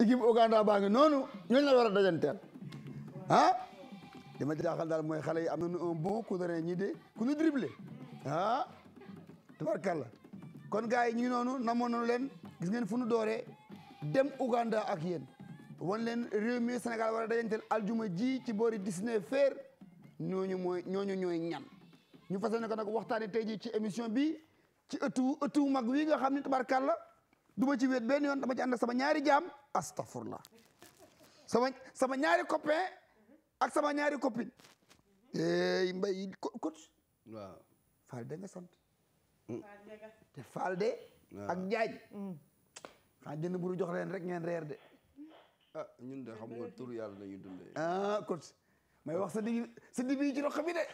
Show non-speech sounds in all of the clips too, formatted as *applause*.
équipe Ouganda baa ngi noonu ñooñu la war a dajanteel di ah, li ma jaaxal daal mooy xale yi am nañu un bon coup de rein ñi de ku ñu dribblé ah tubarkalla kon gars yi ñu noonu namoon nañu leen gis ngeen fu nu dooree dem Ouganda ak yéen wan leen réew mi Sénégal war a dajanteel aljuma ji ci boori Disney Fair ñooñu mooy ñooñu ñooy ñan ñu fas yéene ko nag waxtaane tey ji ci émission bi ci ëttu ëttu mag wi nga xam ne tubarkalla du ma ci wéet benn yoon da ci ànd sama ñaari jaam astafurlah sama sama ñaari copain ak sama ñaari copine ey mbay coach waaw faal de nga sant mm. te faal de ak njaaj mm. xaa jënd buru jox leen rek ngeen reer de ah, ñun de xam nga tur yàlla ah, may wax sa dibi sa dibi ci roq bi de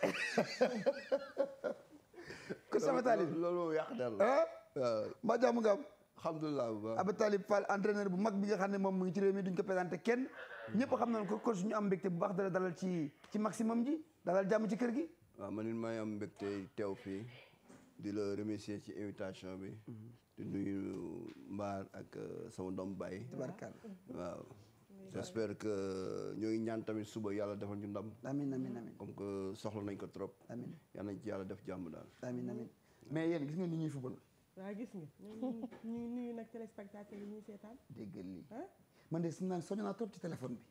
*laughs* coach sama taalib loolu yàq dal alhamdulilah bu baax Abou Talib Fall entraîneur bu mag bi nga xam ne moom mu ngi ci réew mi duñ ko présenté kenn ñëpp xam nañ ko ko suñu am mbégte bu baax dala dalal ci ci maximum ji dalal jàmm ci kër gi waaw man it maay am mbégte teew fii di la remercier ci invitation bi mhm. di nuyu mbaar ak euh, sama doom Baye tabarkalla waaw j'espère que euh, ñooy ñaan tamit suba yàlla defal ñu ndam amin amin amin comme que soxla nañ ko trop amin yal nañ ci yàlla def jàmm daal amin mais yéen gis ngeen ni ñuy fubal waa gis nga ñu ngi nuyu nag téléspectateur yi ñuy seetaan. déggal lii man de su naan soñu naa trop ci téléphone bi.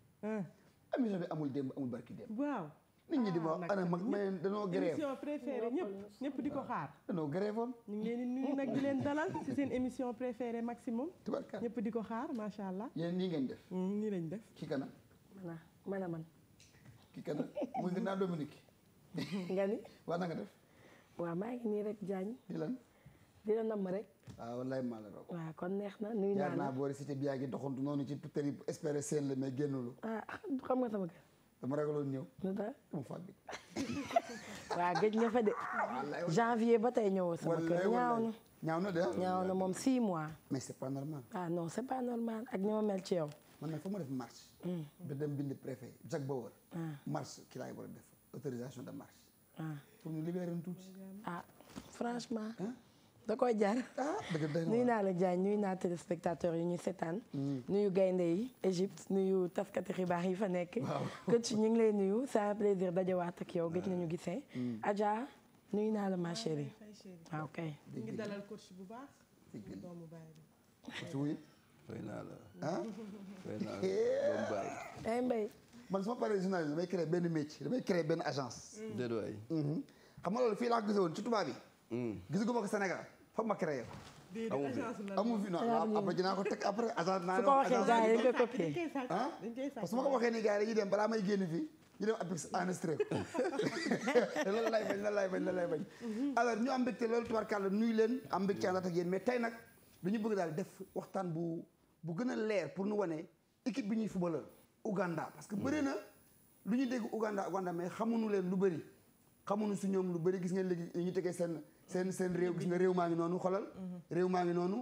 am émission bi amul démb amul barki démb. waaw nit ñi di ma ah, ana mag ma leen danoo grève émission préférée di ko xaar. danoo grève woon. ñu ngi leen di nuyu leen dalal ci seen émission préférée maximum. tubarkaar ñëpp di ko xaar macha allah. yéen nii ngeen def. Hmm, nii lañ def. ki kana. man man man. ki kana muy naa nga def. waaw maa ngi nii rek Diagne. di la namm rek. waaw ah, wallaay maa la raw. waaw kon neex na nuyu naa la jaar naa boori cité bi yaa ngi doxantu noonu ci tëri espéré seen la mais génnulu. ah xam nga sama kër. dama ragaloon ñëw. lu tax dama fàgg. *laughs* waaw gëj ba tey ñëwoo sama kër ñaaw na. ñaaw moom 6 mois. mais c'est pas normal. ah non c'est pas normal ak ni ma mel ci yow. man nag fa ma def marche. Hmm. ba ah. ki laay war a def autorisation de marche. Ah. pour ñu libérer tuuti. ah franchement. da koy jar ah, nuyu naa la Diagne nuyu naa téléspectateurs yi ñu setaan mm. nuyu gaynde yi Égypte nuyu taskati xibaar yi fa nekk këcc *laughs* ñu ngi lay nuyu sa un plaisir dajawaat ak yow gëj nañu gisee mm. Mm. Adja nuyu naa la ma chérie waaw ah, ah, kay ñu ngi dalal bu baax doomu bàyyi fay naa yi ma paree damay créer benn métier damay créer benn agence déedéet waay mm-hmm. xam nga loolu fii laa ko gisewoon ci tubaab yi gis nga ko Sénégal fa ma créé ko. amu fi amu fi non après dinaa ko teg après *laughs* agence naa. su ko waxee gars yi dañ koy ma ko waxee nii gars yi dem balaa may génn fii ñu dem apix enregistré ko *laughs* loolu lay bañ loolu lay bañ loolu lay mhm. alors ñu am mbégte loolu tubarkàlla nuyu leen am mbégte ànd ak yéen mais tey nag ñu bëgg daal def waxtaan bu bu gën a leer pour nu wane équipe bi ñuy footballeur Ouganda parce que bëri na lu ñu dégg Ouganda Ouganda mais xamuñu leen lu bëri xamuñu su ñoom lu bëri gis ngeen léegi ñu tegee seen. seen seen réew gis nga réew maa ngi noonu xolal mhm. réew maa ngi noonu.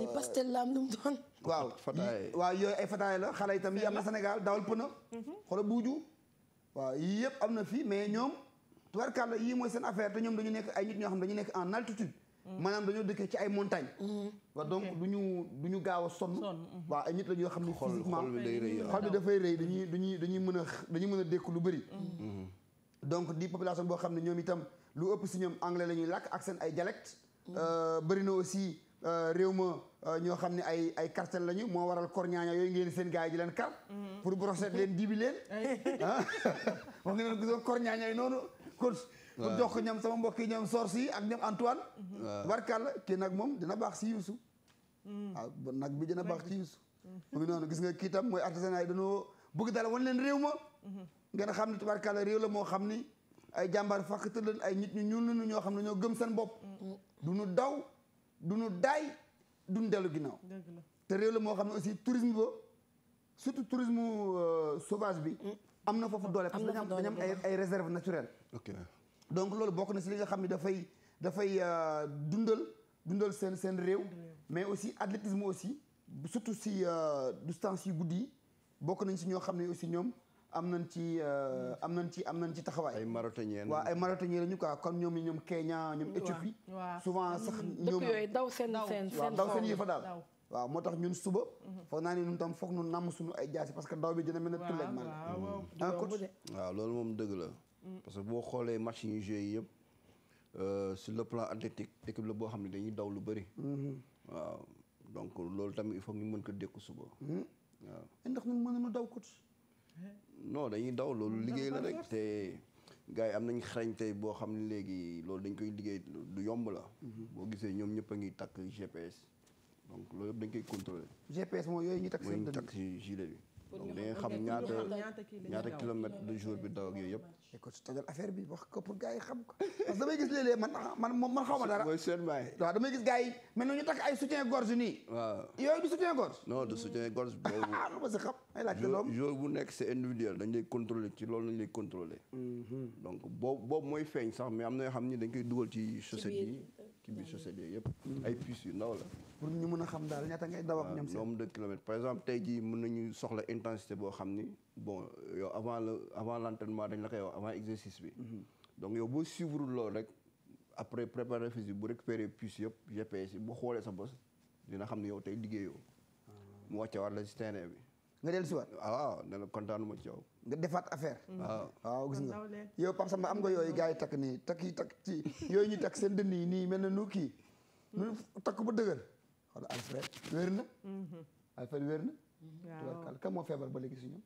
li euh, pastel la am lu mu doon. waaw yooyu ay fataay la xale yi tamit am na Sénégal dawal pëna. Mhm. xoolal buuju. waaw yii yëpp am na fi mais ñoom. tubarkàlla yii mooy seen affaire te ñoom dañu nekk ay nit ñoo xam dañu nekk en altitude. Mhm. maanaam dañoo dëkkee ci ay montagnes. waaw donc du ñu du ñu gaaw a sonn. waa ay nit la ñoo xam ne physiquement xol bi day rëy xol bi dafay rëy dañuy dañuy dañuy mën a dañuy mën a dékku lu bëri. donc di population boo xam ne ñoom itam lu ëpp si ñoom anglais la ñuy làkk ak seen ay dialecte euh, bëri na aussi euh, réew ma euh, ñoo xam ne ay ay cartel lañu moo waral korñaaña yooyu ngeen seen gars yi di leen kar mhm. pour brosser leen dibi leen *laughs* ah *laughs* wax nga leen gisoo korñaaña yi noonu kon pour jox ko ñoom sama mbokk yi ñoom sors yi ak ñoom mhm. si Youssou waaw mhm. ah, bon nag bi dina baax ci Youssou mu ngi noonu gis nga kii tam mooy artisanat yi dañoo bëgg daal leen réew ma ngeen xam ne tubaarkàlla réew la moo xam ni ay jàmbaar fàq tëddal ay nit ñu ñuul ñu ñoo xam ne ñoo gëm seen bopp. du ñu daw du ñu daay du ñu dellu ginnaaw. te réew la moo xam ne aussi tourisme ba surtout tourisme euh, sovage bi. Mm. am na foofu doole parce que dañu am ay ay réserve naturelle. ok donc loolu bokk na si li nga xam ne dafay dafay euh, dundal dundal seen seen réew. mais aussi athlétisme aussi surtout si euh, distance yu guddi yi bokk nañ si ñoo xam ne aussi ñoom. am na nañ ci euh, am nañ ci am nañ ci taxawaay. ay marathoniens waaw ay marathoniens lañu quoi kon ñoom ñoom Kenya ñoom Éthiopie. souvent sax ñoom dëkk yooyu daw seen seen seen daw seen yëfa daal waaw moo tax ñun suba. Mhm. foog naa ne ñun tam foog ñu namm suñu ay jaasi parce que daw bi dina mel ne tulleeg man. waaw ah, la. Mm. parce que boo xoolee match yi joué yi yëpp euh, sur le plan athlétique équipe la boo xam ne dañuy daw lu bëri. Mhm. waaw donc loolu tamit il faut ñu mën ko dékku suba. Mhm. waaw. ndax ñun mën nañu daw coach non dañuy daw loolu liggéey la rek te gars yi am nañ xarañte boo xam ne léegi loolu dañ koy liggéey du yomb la mhm. boo gisee ñoom ñëpp a ngi takk GPS donc loolu yëpp dañ koy contrôler GPS mooy yooyu ñu takk seen dënn takk gilet bi donc da xam ñaata ñaata kilomètre de jour bi daw ak yooyu yëpp. écoute tojal affaire xam ko parce damay gis léeg man xaw ma dara. mooy seen baay. waaw damay gis gars yi mel na ñu takk ay soutien gorge nii. waaw yooyu du soutien gorge. non du soutien gorge boobu. ah lu loolu. jour bu nekk c'est individuel dañ lay contrôler ci mhm. mooy feeñ sax mais am na yoo xam ni dañ koy dugal ci chaussette yi. ci biir chaussée bi yëpp ay puces yu ndaw la pour ñu mën a xam daal ñaata ngay daw ak ñoom seen ah, nombre de kilomètres par exemple tey jii mën nañu soxla intensité boo xam ni bon yow avant la avant l'entraînement dañ la koy wax avant exercice bi mhm. donc yow boo suivre lool rek après préparer physique bu récupérer puces yëpp GPS yi boo xoolee sa bos dina xam ne yow tey liggéeyoo ah. mu wàcce war la si terrain bi nga dellu si waat ah, waaw ne la kontaanuma ci yow nga defaat affaire. Mm. waaw waaw gis nga yow Pape Samba am nga yooyu gars yi takk nii takk yi takk ci yooyu ñuy takk seen dënn yi nii mel na nu kii. nu mm. takk ba dëgër wala Alfred wér na. Mm-hmm. Alfred wér na. waaw moo feebar ba léegi si ñoom.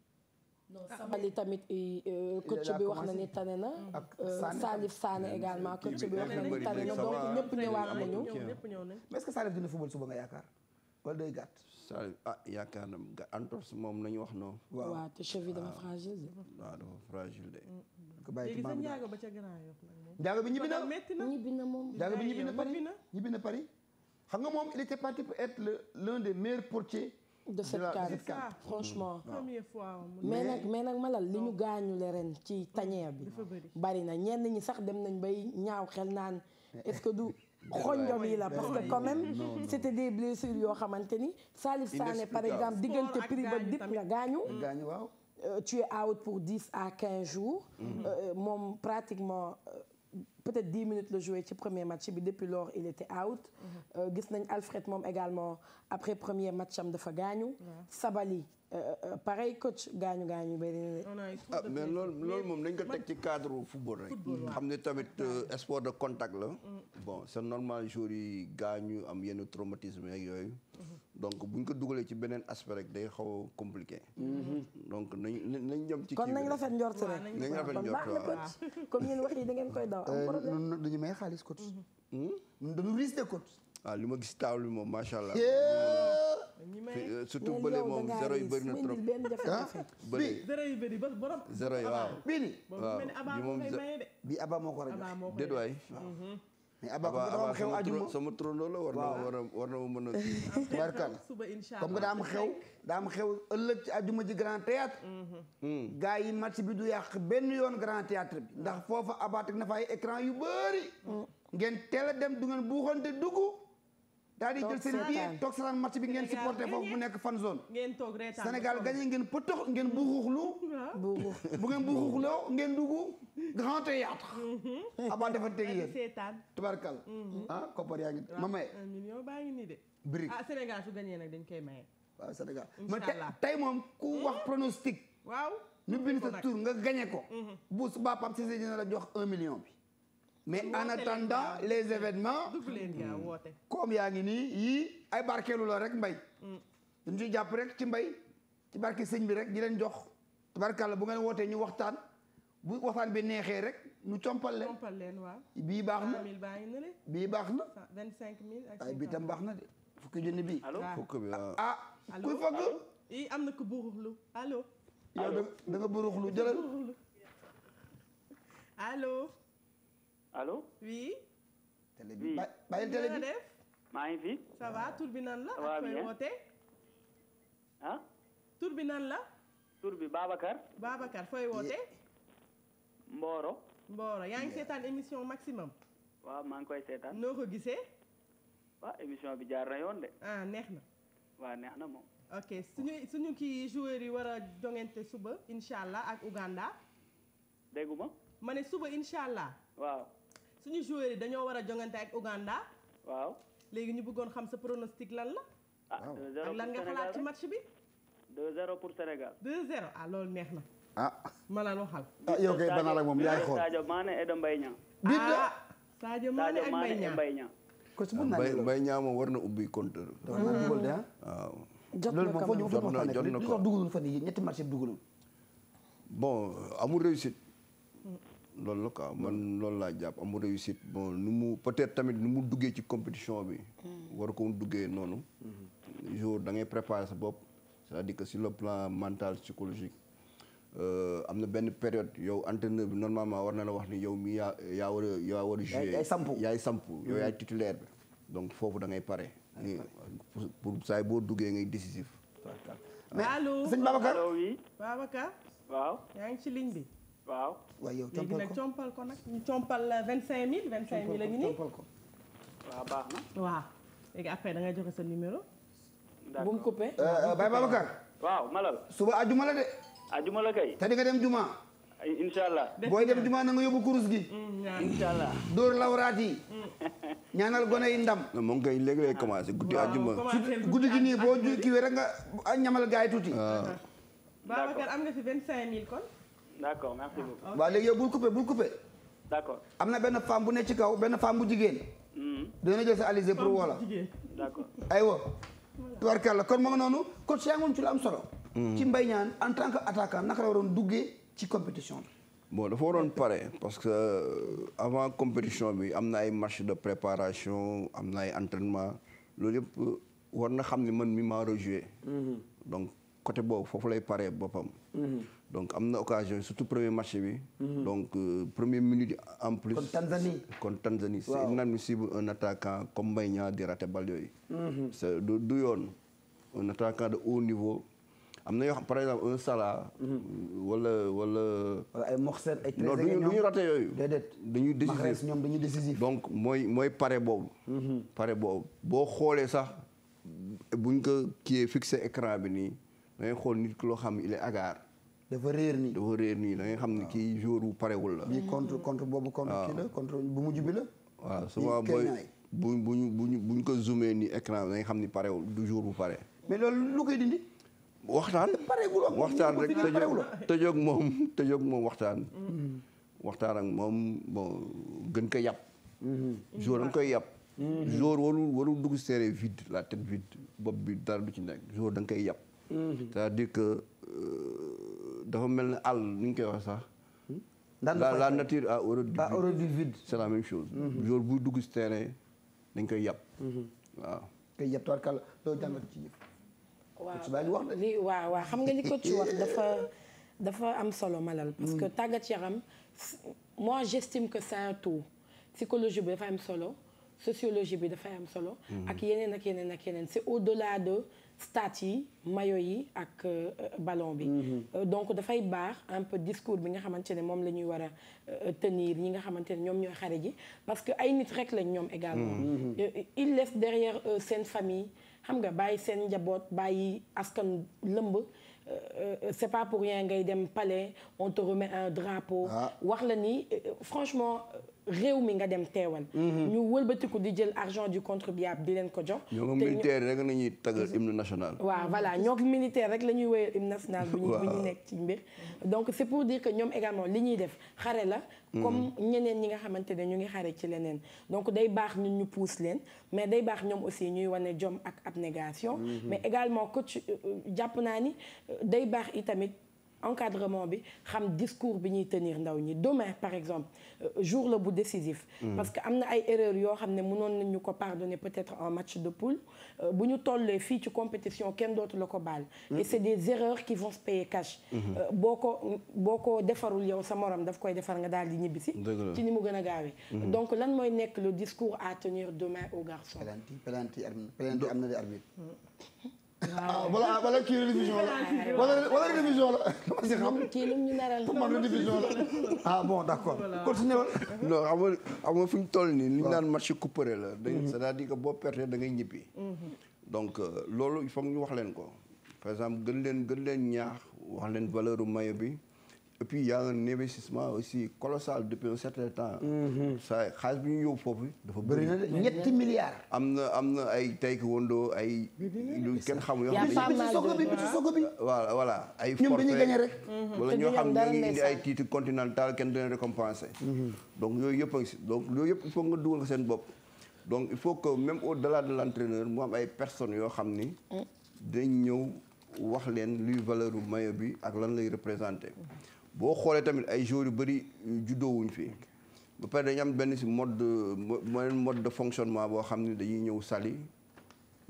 non ah. Sabali tamit coach bi wax na ni tane na. ak Salif Sané également coach bi wax na ni tane na donc ñëpp ñëwaat nañu. mais est-ce que Salif dina football suba nga yaakaar wala day gàtt. Salif ah yaakaar na nga entorse moom la ñu wax noonu. waaw waaw te cheville dafa ah. fragile. waaw ah, dafa fragile de. Mm, mm. léegi sa njaago ba ca grand yof nag. njaago bi ñibbi na ñibbi na moom. njaago bi ñibbi na Paris xam nga moom il était parti pour être le l'un des meilleurs portiers. de cette CAN franchement. Mm. première fois mais nag mais nag malal li ñu gaañule ren ci tañeer bi. bari na ñenn ñi sax dem nañ bay ñaaw xel naan est *laughs* xonjom yi la parce que quand même c'était des blessures yoo xamante ni Salif Sané par exemple diggante prix ba dip nga gaañu mm. gaañu waaw euh, tu es out pour à quinze jours mm. euh, moom pratiquement euh, peut-être dix minutes la joué ci premier match bi depuis lors il était out mm-hmm. gis nañ Alfred moom également après premier match am dafa gaañu Sabali pareil coach gaañu gaañu bëri na ah mais loolu lool moom nañ ko teg ci cadre football rek. Mm. xam ne tamit euh, sport de contact la. Mm. bon sa normal jour yi gaañu am yenn traumatisme yeeg yooyu. Mm-hmm. donc buñ ko dugalee ci beneen aspect rek day xaw a compliqué. Mm-hmm. donc nañ nañ jëm ci. kon nañ rafet njort rek nañ rafet njort waaw na coach comme yéen wax yi da ngeen koy daw. am euh, problème dañu may xaalis coach. Hmm? dañu risque coach. ah li ma gis table euh, ah, bi moom macha allah. surtout bële moom zéro yi bëri na trop. ah bii zéro bëri bi moom moo ko war a jox déet mhm. na war na war na ma mën a. tubaarkalla comme que daa xew. daa am ji grand théâtre mhm. gars yi match bi du yàq benn yoon grand théâtre ndax foofa Abba teg na écran yu bëri. Mhm. ngeen teel a dem du ngeen buuxante daal di jël seen biir toog seetaan match bi ngeen supporté foofu mu nekk fan zone ngeen toog reetaan Sénégal gagné ngeen pëtox ngeen buuxuxlu bu ngeen buuxuxloo ngeen dugg grand théâtre mhm. abaa defanteeg yéen tubarkal mhm. ah koppar yaa ngi ma maye million baa ngi nii de brique ah Sénégal su gagné nag dañ koy maye waaw Sénégal man tey moom ku hmm? wax pronostic waaw ñu bind sa tur nga gagné ko mhm. bu subaa Pape Cissé dina la jox un million bi mais en attendant les événements. comme yaa ngi nii yii ay barkeelu la rek mbay. Mm. dañu ciy jàpp rek ci mbay ci barke sëñ bi rek di leen jox tabarkàlla bu ngeen wootee ñu waxtaan bu waxtaan bi neexee rek ñu compal leen. leen waaw. bii baax na bii baax na. 25000 ay bi tam baax na de. fukki junni bii. allo fukki bi waaw ah. ah kuy fokk. ii am na ku buruxlu allo. yow da nga buruxlu jëlal allo. oui. télé bi ba bàyyil télé bi def. maa ngi fi. ça va bi nan la. ak fooy wootee. ah. tur la. tur bi Babacar. Babacar fooy wootee. Mboro. Mboro yaa ngi seetaan émission maximum. waaw maa ngi koy seetaan. noo ko gisee. waaw émission bi jaar na yoon de. ah neex na. waa neex na moom. ok suñu suñu kii joueurs yi wara a joŋante suba incha allah ak Uganda. déggu ma. ma suba incha allah. waaw. suñu joueurs yi dañoo war a jongante ak Ouganda. waaw léegi ñu bëggoon xam sa pronostic lan la. ah 2 bi. 2-0 pour Sénégal. Ah, loolu neex na. ah. ma naan waxal. ah yow kay banal ak moom yaay xool Sadio Mané Edo Mbaye Niang. biir la ah Sadio moom war na ubbi compteur. dafa naa dugal de ah? jot na jot na ko loolu fa nekk li li doon dugalul ñetti match yi bon amul réussite. loolu la quoi man loolu laa jàpp amu réussite bon nu mu peut-être tamit nu mu duggee ci compétition bi. Hmm. war ko duggee noonu. Hmm. jour dangay ngay préparer sa bopp c'est-à-dire que sur le plan mental psychologique. Euh, am na benn période yow entraîneur bi normalement war na la wax ni yow mi yaa yaa war a yaa war a jouer yaay sampu yaay sampu yow yaay hmm. titulaire bi donc foofu da ngay pare pour saa yi boo duggee ngay décisif mais allo sëñ Babacar Babacar waaw yaa ngi ci ligne bi waaw waaye yow compal ko léegi nag compal vingt nag ñu vingt 25000. 25000 la ñu nii compal ko waaw baax na. waaw léegi après da ngay joxe sa numéro. bu mu coupé. Euh, euh, Baye Babacar. waaw Malal. suba ajuma la de. ajuma la kay. te di nga dem juma. incha allah. booy dem juma na nga yóbbu kurus gi. Mm, incha allah. dóor lawraat yi. *laughs* ñaanal gone yi ndam. moom kay léegi lay commencé guddi ajuma. guddi gi nii boo kiiwee rek nga ñamal gaay tuuti. Ah. Babacar am nga fi 25000 kon. d'accord merci beaucoup. waaw léegi yow bul coupé bul coupé. am na benn femme bu ne ci kaw benn femme bu jigéen. Hmm. dina jël sa alizé pour wala. d'accord aywa. tubarkàlla kon moom noonu coach yaa ngi ci am solo. Hmm. ci mbay ñaan en tant que attaquant naka la waroon duggee ci compétition bi. bon dafa waroon pare parce que euh, avant compétition bi am na ay match de préparation am na ay entraînement loolu yëpp war na xam ni man mi maa rejoué. Hmm. donc côté boobu foofu lay pare boppam. donc am na occasion surtout premier match bi. Mhm. donc euh, premier minute en plus. contre Tanzanie contre Tanzanie. waaw c'est inadmissible un attaquant comme Mbaye Niang di raté bal yooyu. Mhm. du yoon un attaquant de haut niveau. am na yoo xam mhm. wala wala. ay Moxset ay. non du ñu raté yooyu. dañuy décisif donc mooy mooy pare boobu. pare boobu boo xoolee sax buñ ko kii fixé écran bi nii da ngay xool nit ki loo xam il est dafa réer nii dafa xam ne kii jour bu parewul la. bii contre contre boobu contre kii la contre bu mujj bi la. waaw souvent booy bu ñu buñu buñ ko zoomé ni écran bi da xam ni parewul du jour bu pare. mais lu koy waxtaan waxtaan rek tëjoo tëjoog moom tëjoog moom waxtaan. Mm-hmm. waxtaan ak moom bon gën ko yàpp. Mm-hmm. jour da koy yàpp. Mm-hmm. jour warul warul dugg serré vide la tête vide bopp bi dara du ci nekk jour da koy yàpp. cest dire que. Euh, dafa mel na àll nu ñu koy wax sax. Hmm? la la nature a horreur du vide a horreur du hmm. dugg si terrain dañ koy yàpp. Hmm. waaw. koy yàpp tubarkàlla loolu jàngat ci yëpp. waaw waaw xam nga li ko ci wax *laughs* dafa dafa am solo malal. parce que tàggat yaram moi j' estime que c' est un tout psychologie bi dafa am solo sociologie bi dafa am solo. ak yeneen ak yeneen ak yeneen c' est au delà de. stats yi mayo yi ak euh, ballon bi. Mhm. Euh, donc dafay baax un peu discours bi nga xamante ne moom la ñuy war a euh, tenir ñi nga xamante ne ñoom ñooy xare ji parce que ay nit rek lañ ñoom également. Mhm, mhm. ils laissent derrière seen famille xam nga bàyyi seen njaboot bàyyi askan lëmb. Euh, euh, c'est pas pour rien ngay dem palais on te un drapeau. Ah. wax la ni franchement réew mi nga dem teewal. Mhm. ñu wëlbatiku di jël argent du contribuable di leen ko jox. te ñoo militaire rek la ñuy taggal hymne national. waaw militaire rek la ñuy woyal hymne national. bu ñu bu ñu nekk ci mbir. donc c' pour dire que ñoom également li ñuy def xare la. Mhm. comme ñeneen ñi nga xamante ne ñu ngi xare ci leneen. donc day baax nit ñu pousse leen mais day baax ñoom aussi ñuy wane jom ak abnégation. Mhm. mais également coach euh, jàpp naa ni euh, day baax itamit. encadrement bi xam discours bi ñuy tenir ndaw ñi demain par exemple euh, jour la bu décisif mm. parce que am na ay erreurs yoo xam ne mënoon ñu ko pardonner peut-être en match de poule euh, bu ñu tollee fii ci compétition kenn dootu la ko baal mm. et c'est des erreurs qui vont se cash mm-hmm. euh, boo ko boo ko defarul yow sa morom daf koy defar nga daal di ñibbisi ci ni mu gën a gaawee mm-hmm. donc lan mooy nekk le discours à tenir demain aux garçons penalty penalty am na de arbitre mm. waaw wala ah, wala *laughs* kii révision la wala wala révision la dama si xam. kii lu ñu naral pour man révision la ah bon d'accord continué wala. *laughs* non xam nga xam nga fi ñu toll nii. li ñu naan marché couperet la. Mhm. c'est-à-dire que boo perte da ngay ñibbi. Mhm. donc euh, loolu il faut ñu wax leen ko. par exemple gën leen gën leen ñaax wax leen valeur u maillot bi. et puis il y a un investissement aussi colossal depuis un temps. saa mhm. xaalis bi ñu yóbbu foofu dafa bëri. ñetti milliards. am na am na ay taekwondo ay. lu kenn xamul xam ne bi ci ay. forfait ñoom dañuy mhm. ñoo xam ne ñu indi ay kenn du leen récompensé. Mhm. yooyu yëpp a donc yooyu yëpp il faut nga dugal ko seen bopp. donc il que même au de l'entraîneur mu am ay personnes yoo xam ni. Mm. dañ ñëw wax leen luy valeur bu bi ak lan lay représenté. boo xoolee tamit ay joueurs yu bëri euh, juddoo wuñ fi ba pare dañu am benn si mod de mode de fonctionnement boo xam ne dañuy ñëw sali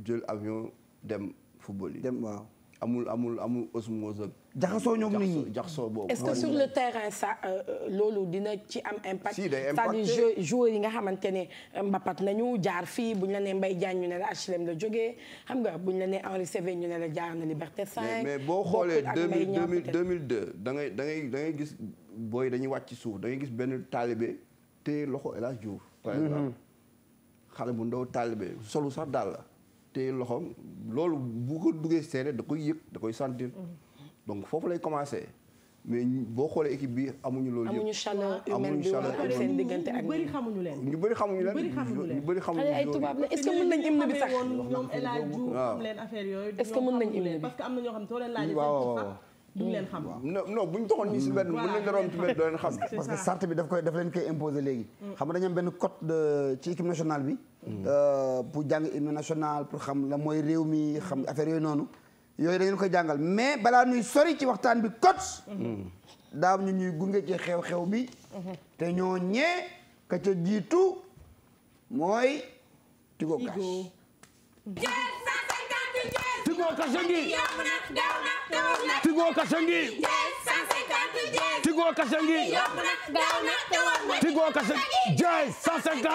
jël avion dem football yi. dem waa amul amul amul osmose jaxasoo ñoom nit ñi jaxasoo boobu. est-ce que sur le terrain ça euh, euh, loolu dina ci am impact. si day impacté cest yi nga xamante ne euh, mbapat nañu jaar fii bu ñu la nee mbay Diagne ñu ne la HLM la jogee xam nga bu ñu la ne en Saivet ñu ne la jaar na Liberté 5. mais boo xoolee deux mille deux mille deux da ngay da ngay gis booy dañuy wàcc ci suuf da gis benn taalibe te loxo El Hadj Diouf. par mhm. xale bu ndaw taalibe solu sax daal te loxoom loolu bu ko duggee seere da koy yëg da koy sentir. Mhm. donc foofu lay commencé mais boo xoolee équipe bi amuñu loolu ñu bëri xamuñu leen ñu bëri xamuñu leen ñu bëri xamuñu leen tubaab la est-ce que mën nañ hymne bi sax est-ce nañ hymne am na ñoo xam ne waaw waaw duñ leen xam non buñ toxoon ñi si benn mën nañ parce que sart bi daf koy daf leen koy imposer léegi mm. xam nga dañu am benn code de ci équipe nationale bi mm. euh, pour jàng hymne national pour xam la mooy réew mi xam mm. affaire yooyu noonu yooyu dañu koy jàngal mais balaa ñuy sori ci waxtaan bi kot. daaw ñu ñuy gunge ci xew-xew bi. te ñoo ñee ka ca jiitu mooy Tigo Cash. ngi. Tigo Cash ngi. Tigo Cash ngi. Tigo Cash a ngi.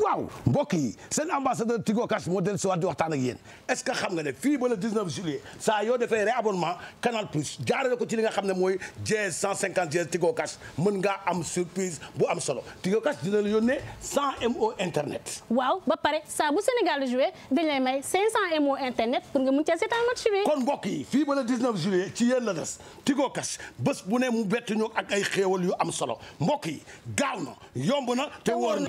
waaw mbokk yi seen ambassadeur Tigo Cash moo dellu si waat di waxtaan ak yéen est-ce que xam nga fii ba le 19 juillet saa yoo defee Canal Plus jaarale ko ci li nga xam ne mooy GS 150 GS Tigo Cash mën ngaa am surprise bu am solo Tigo Cash dina la yónnee 100 MO internet. waaw ba pare saa bu Sénégal joué dañ lay may 500 MO internet pour nga mun cee seetaan match bi. fii ba le 19 ci yéen des Tigo Cash bés bu ne mu bett ñu ak ay xéewal yu am solo mbokk yi gaaw na yomb na te wóor na.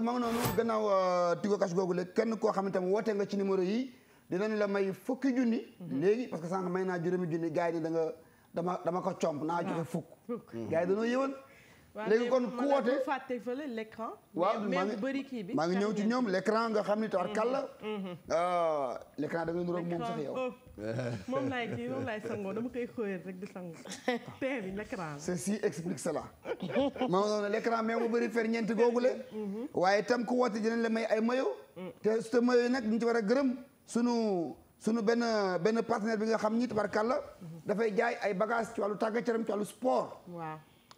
kon ma nga noonu gannaaw euh, Tigo Cash googu la kenn koo xam ne tam woote nga ci numéro yi dinañ la may fukki junni. Mhm. léegi parce que sànq may naa juróomi junni gars yi ne da dama dama ko comp naa joxe ah. fukk. gars yi dañoo yëwan. léegi kon ku woote fàtte fële l'écran waaw kii bi maa ngi ñëw ci ñoom l'écran nga xam ni taar kàlla mhm, mhm. ah, l'écran da nga nuroog moom sax yow oh. moom laay kii moom laay maa ngi noonu l'écran mais bu bëri fer ñeenti googule mhm. waaye tam ku woote dinañ la may ay mayo mm. te su te mayo yi nag ñu ci war a gërëm sunu sunu benn benn partenaire bi nga xam ni tabarkàlla dafay jaay ay bagage ci tàgg tàggat yaram ci wàllu sport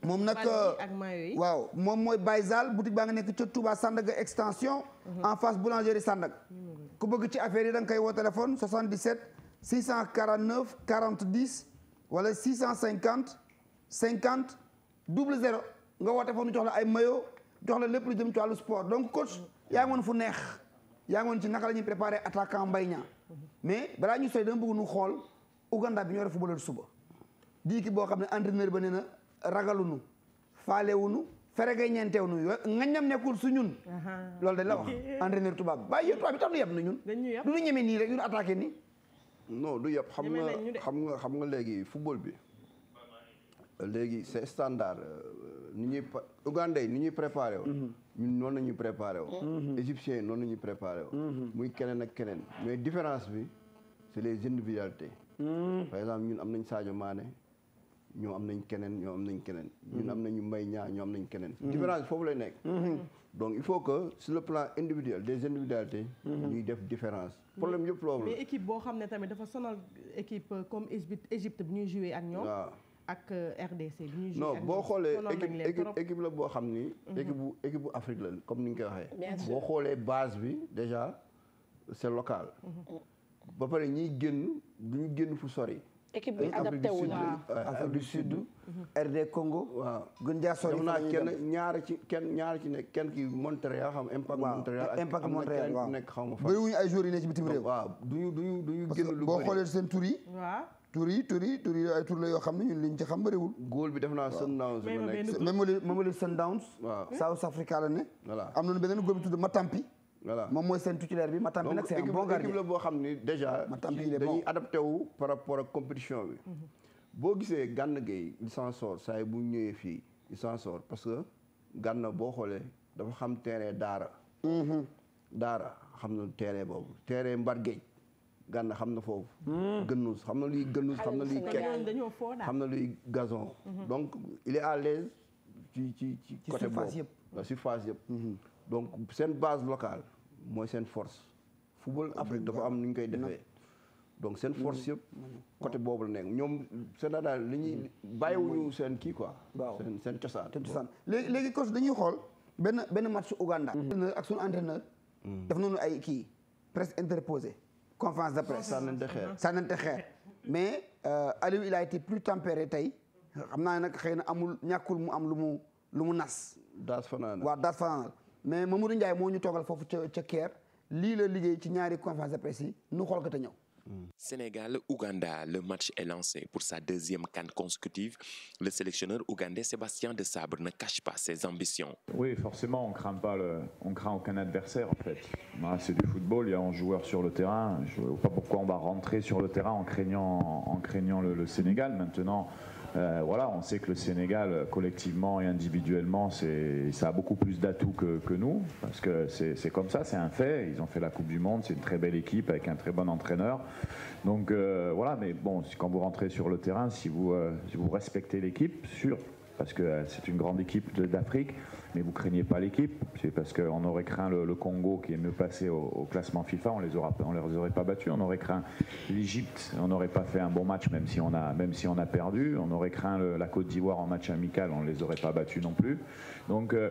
moom nag euh, waaw moom mooy Baye Zal boutique baa nga nekk ca Touba Sandaga extension mhm. en face boulangerie Sandaga ku bëgg ci affaire yi danga nga koy woo téléphone 77 649 40 10 wala 650 50 00 nga woo téléphone jox la ay maillot jox la lépp lu jëm ci wàllu sport donc coach mhm. yaa ngoon fu neex yaa ngoon ci naka la ñuy préparé attaquant Mbaye Niang mhm. mais balaa ñu soy dama bëgg nu xool Ouganda bi ñoo def footballeur suba di ki boo xam ne entraîneur ba nee na ragalunu faalewunu ferege ñeentewunu ngañam nekkul su ñun loolu dañ la wax entraîneur tubaab bàyyi yéen tubaab bi tax nu yab na ñun du ñu ñeme nii rek ñu attaqué nii non du xam nga xam nga xam nga léegi football bi léegi c'est standard euh, ni ñuy Ougandais ni ñuy préparé wo mhm. ñun noonu na ñuy préparé wo mhm. égyptiens yi noonu na ñuy préparé wo mhm. muy keneen ak keneen mais différence bi c'est les individualités par exemple ñun am nañ Sadio Mané ñoo am nañ keneen ñoo am nañ keneen. ñun am mm-hmm. nañu mbay ñaar ñoo am nañ keneen. Mm-hmm. différence foofu la nekk. Mm-hmm. donc il faut que sur le plan individuel des individualités. ñuy def différence. problème yëpp loolu mais équipe boo xam ne tamit dafa sonal équipe euh, comme Égypte bi ñuy joué ak ñoom. waaw ah. ak euh, RDC bi ñuy joué ak ñoom boo xoolee équipe équipe la boo xam ni. équipe bu équipe bu Afrique la comme ni nga koy waxee. bien sûr boo xoolee base bi déjà se local. ba pare ñiy génn du ñu génn fu sori. équipe bi adapté wu euh, Afrique du Sud RD mhm. Congo. waaw gën kenn ki Montréal xam Impact. Montréal ak Impact Montréal waaw ay joueurs yi nekk ci du ñu du ñu du ñu génn lu bëri boo xoolee seen tur yi. waaw tur yi ay tur la xam ne ñun liñ xam bëriwul. góol bi def naa Sundowns. même Mamelodi Sundowns. South Africa la ne. am nañu beneen góol bi tudd Matampi. voilà moom mooy seen titulaire bi Matam bi nag c'est un bon gardien équipe la boo dañuy adapté wu par rapport ak compétition bi mhm. boo gisee gànn Gueye il s'en sort saa yi bu ñëwee fii il s'en sort parce que Gana boo xoolee dafa xam terrain daara mhm. daara xam na terrain boobu terrain mbar géej Gana xam na foofu mhm. gënnuus xam na luy gënnuus xam na luy kek xam na luy gazon donc il est à l'aise ci ci ci côté boobu surface yëpp donc seen base locale mooy seen force. football Afrique dafa am nu ñu koy defee. donc seen mm-hmm. force yëpp. côté boobu la nekk ñoom seen daal li ñuy mm-hmm. bàyyiwuñu seen kii quoi. waaw seen seen cosaan. cosaan léegi léegi coach dañuy xool benn benn match Ouganda. Mm-hmm. ak sunu entraîneur. def nu ay kii presse interposée. conférence de presse sànnante xeer sànnante xeer mais euh, Aliou il a été plus tempéré tey xam naa nag xëy na amul ñàkkul mu am lu mu lu mu nas. daas fanaan waaw daas fanaan mais Mamadou Ndiaye moo ñu toogal foofu ca ca Caire lii la liggéey ci ñaari conférence de presse yi nu xool ko hmm. Sénégal Ouganda le match est lancé pour sa deuxième CAN consécutive le sélectionneur ougandais Sébastien de Sabre ne cache pas ses ambitions. oui forcément on craint pas le on craint aucun adversaire en fait c'est du football y a onze joueurs sur le terrain je ne vois pas pourquoi on va rentrer sur le terrain en craignant le Sénégal maintenant. Euh, voilà, on sait que le Sénégal, euh, collectivement et individuellement, ça a beaucoup plus d'atouts que, que, nous, parce que c'est comme ça, c'est un fait. Ils ont fait la Coupe du Monde, c'est une très belle équipe avec un très bon entraîneur. Donc euh, voilà, mais bon, quand vous rentrez sur le terrain, si vous, euh, si vous respectez l'équipe, sur parce que euh, c'est une grande équipe d'Afrique, mais vous craignez pas l'équipe. C'est parce qu'on aurait craint le, le, Congo qui est mieux passé au, au classement FIFA, on les aura, on les aurait pas battus. On aurait craint l'Égypte, on n'aurait pas fait un bon match même si on a, même si on a perdu. On aurait craint le, la Côte d'Ivoire en match amical, on les aurait pas battus non plus. Donc euh,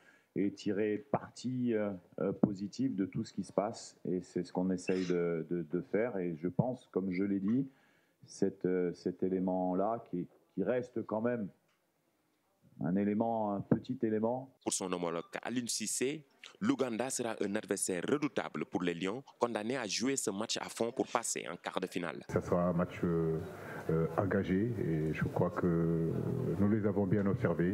et tirer parti euh, euh, positif de tout ce qui se passe. Et c'est ce qu'on essaye de, faire. Et je pense, comme je l'ai dit, cette, euh, cet élément-là qui, reste quand même un petit élément. Pour son homologue Alun Sissé, l'Ouganda sera un adversaire redoutable pour les Lions, condamné à jouer ce match à fond pour passer en quart de finale. Ce sera un match engagé et je crois que nous les avons bien observés.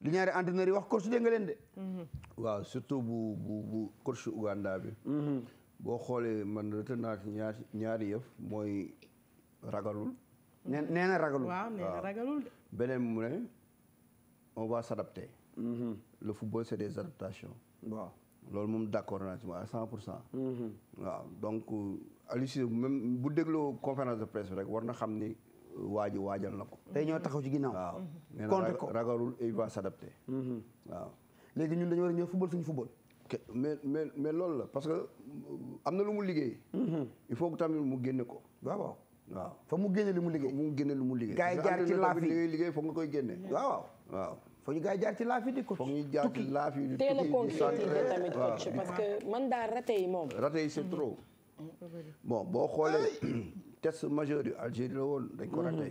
li ñaari entraîneurs yi wax coach dégg nga leen de. Mhm. waaw surtout bu bu bu coach Ouganda bi. Mhm. boo xoolee man retenir naa ñaari yëf mooy ragalul. Mhm. nee na ragalul beneen mu ne on va s'adapter. le football c'est des adaptations. waaw loolu moom d'accord naa ci ma à cent pour cent. waaw donc Aliou Cissé même bu dégloo conférence de presse rek war na xam ni. waaji waajal na ko. Mm-hmm. tey ñoo taxaw ci ginnaaw. waaw mm-hmm. contre ko ragalul il va s'adapter. Mm-hmm. léegi ñun dañu war a ñëw football suñu football. mais mais la parce que am na lu mu liggéey. il faut tamit mu génne ko. waaw waaw waaw fa mu génne lu mu liggéey. mu génne lu mu liggéey. gars yi jaar ci laafi li ngay liggéey foog nga koy génne. waaw waaw. foog ñu gars yi jaar ci laafi di ko. foog ñu jaar ci laafi di teel a concrétiser tamit coach parce que man daal raté yi moom. raté yi c'est trop. bon boo xoolee. *clears throat* test majeur yu Algérie la woon dañ ko raté mhm.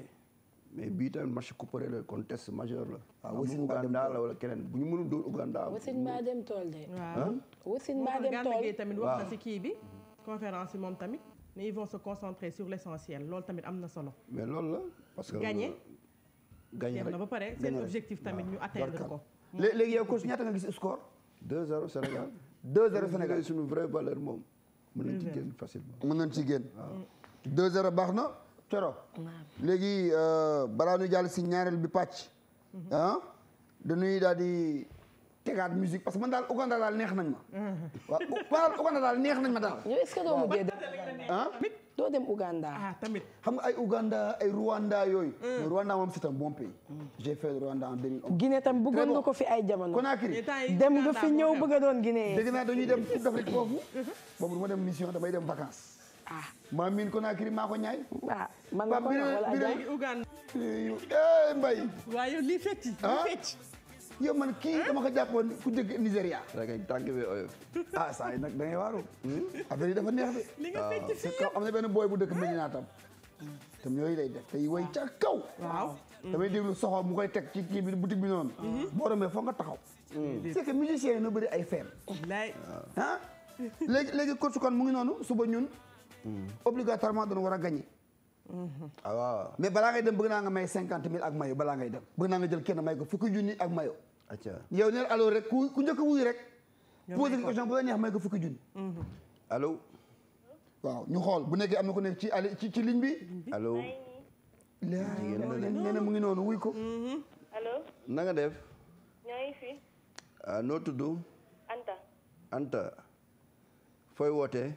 mais bii tamit match couperé la kon test majeur la. waaw ah, ah, wasin Uganda la wala keneen bu ñu mënul dóor Uganda. wasin ba dem tool de. waaw wasin ba dem tool tamit wax na si kii bi. conférence bi moom tamit. mais ils vont se concentrer sur l' essentiel loolu tamit am na solo. mais loolu la parce que. gagné gagné rek na ba pare seen objectif tamit ñu atteindre ko. léegi yow coach ñaata nga gis score. 2-0 Sénégal. 2-0 Sénégal suñu vraie valeur moom. mën nañ ci génn facilement mën nañ ci génn. deux heures baax na coro léegi euh, balaa ñu jàll si ñaareel bi pàcc mhm. ah dañuy daal di tegaat musique parce que man daal Ouganda daal neex nañ ma mhm. waaw Ouganda daal neex nañ ma daal yow est-ce que doo mujjee dem ah? doo dem Ouganda ah, tamit xam nga ay Ouganda ay Rwanda yooyu mm. mais Rwanda moom c'est un bon pays mm. j'ai fait Rwanda en 2011 Guinée tam bëggoon nga ko fi ay jamono Conakry dem nga fi ñëw bëgg a doon Guinée dégg naa dañuy dem Coupe d'Afrique foofu mhm. boobu du ma dem mission damay dem vacances ah maa miin Conakry maa ko ñaay. ah man nga ko wala Ndiaye Uganda. Eh, Mbaye. waaw yow lii fecc. ah lii man kii ah? dama ko jàppoon ku dëkk Nigéria. rek ay tànk bi oyof. ah saa yi nag da ngay waaru. Hmm? affaire yi dafa neex de. li nga ah. am na benn booy bu dëkk ah. naa tam. tam yooyu lay def te way ca kaw. waaw hmm. damay déglu soxo mu koy teg ci kii bi boutique bi noonu. Hmm. boo demee foog nga taxaw. c'est que musiciens yi ñoo bëri ay feem. ah léegi léegi kon mu ngi noonu suba ñun. Mm-hmm. obligatoirement dañu war a gagné. waaw mm-hmm. ah. mais balaa ngay dem bëgg naa nga may cinquante mille ak mayo balaa ngay dem bëgg naa nga jël kenn may ko fukki junni ak mayo. yow neel allo rek ku ku njëkk wuy rek. posé une question bu la neex may ko fukki junni. Mm-hmm. allo. nekkee am na ku nekk ci ali ci ci ligne bi. allo. nee na mu ngi noonu wuy ko. allo. na nga def. ñoo ngi fi. Ah, noo tudd. Anta. Anta. fooy wootee.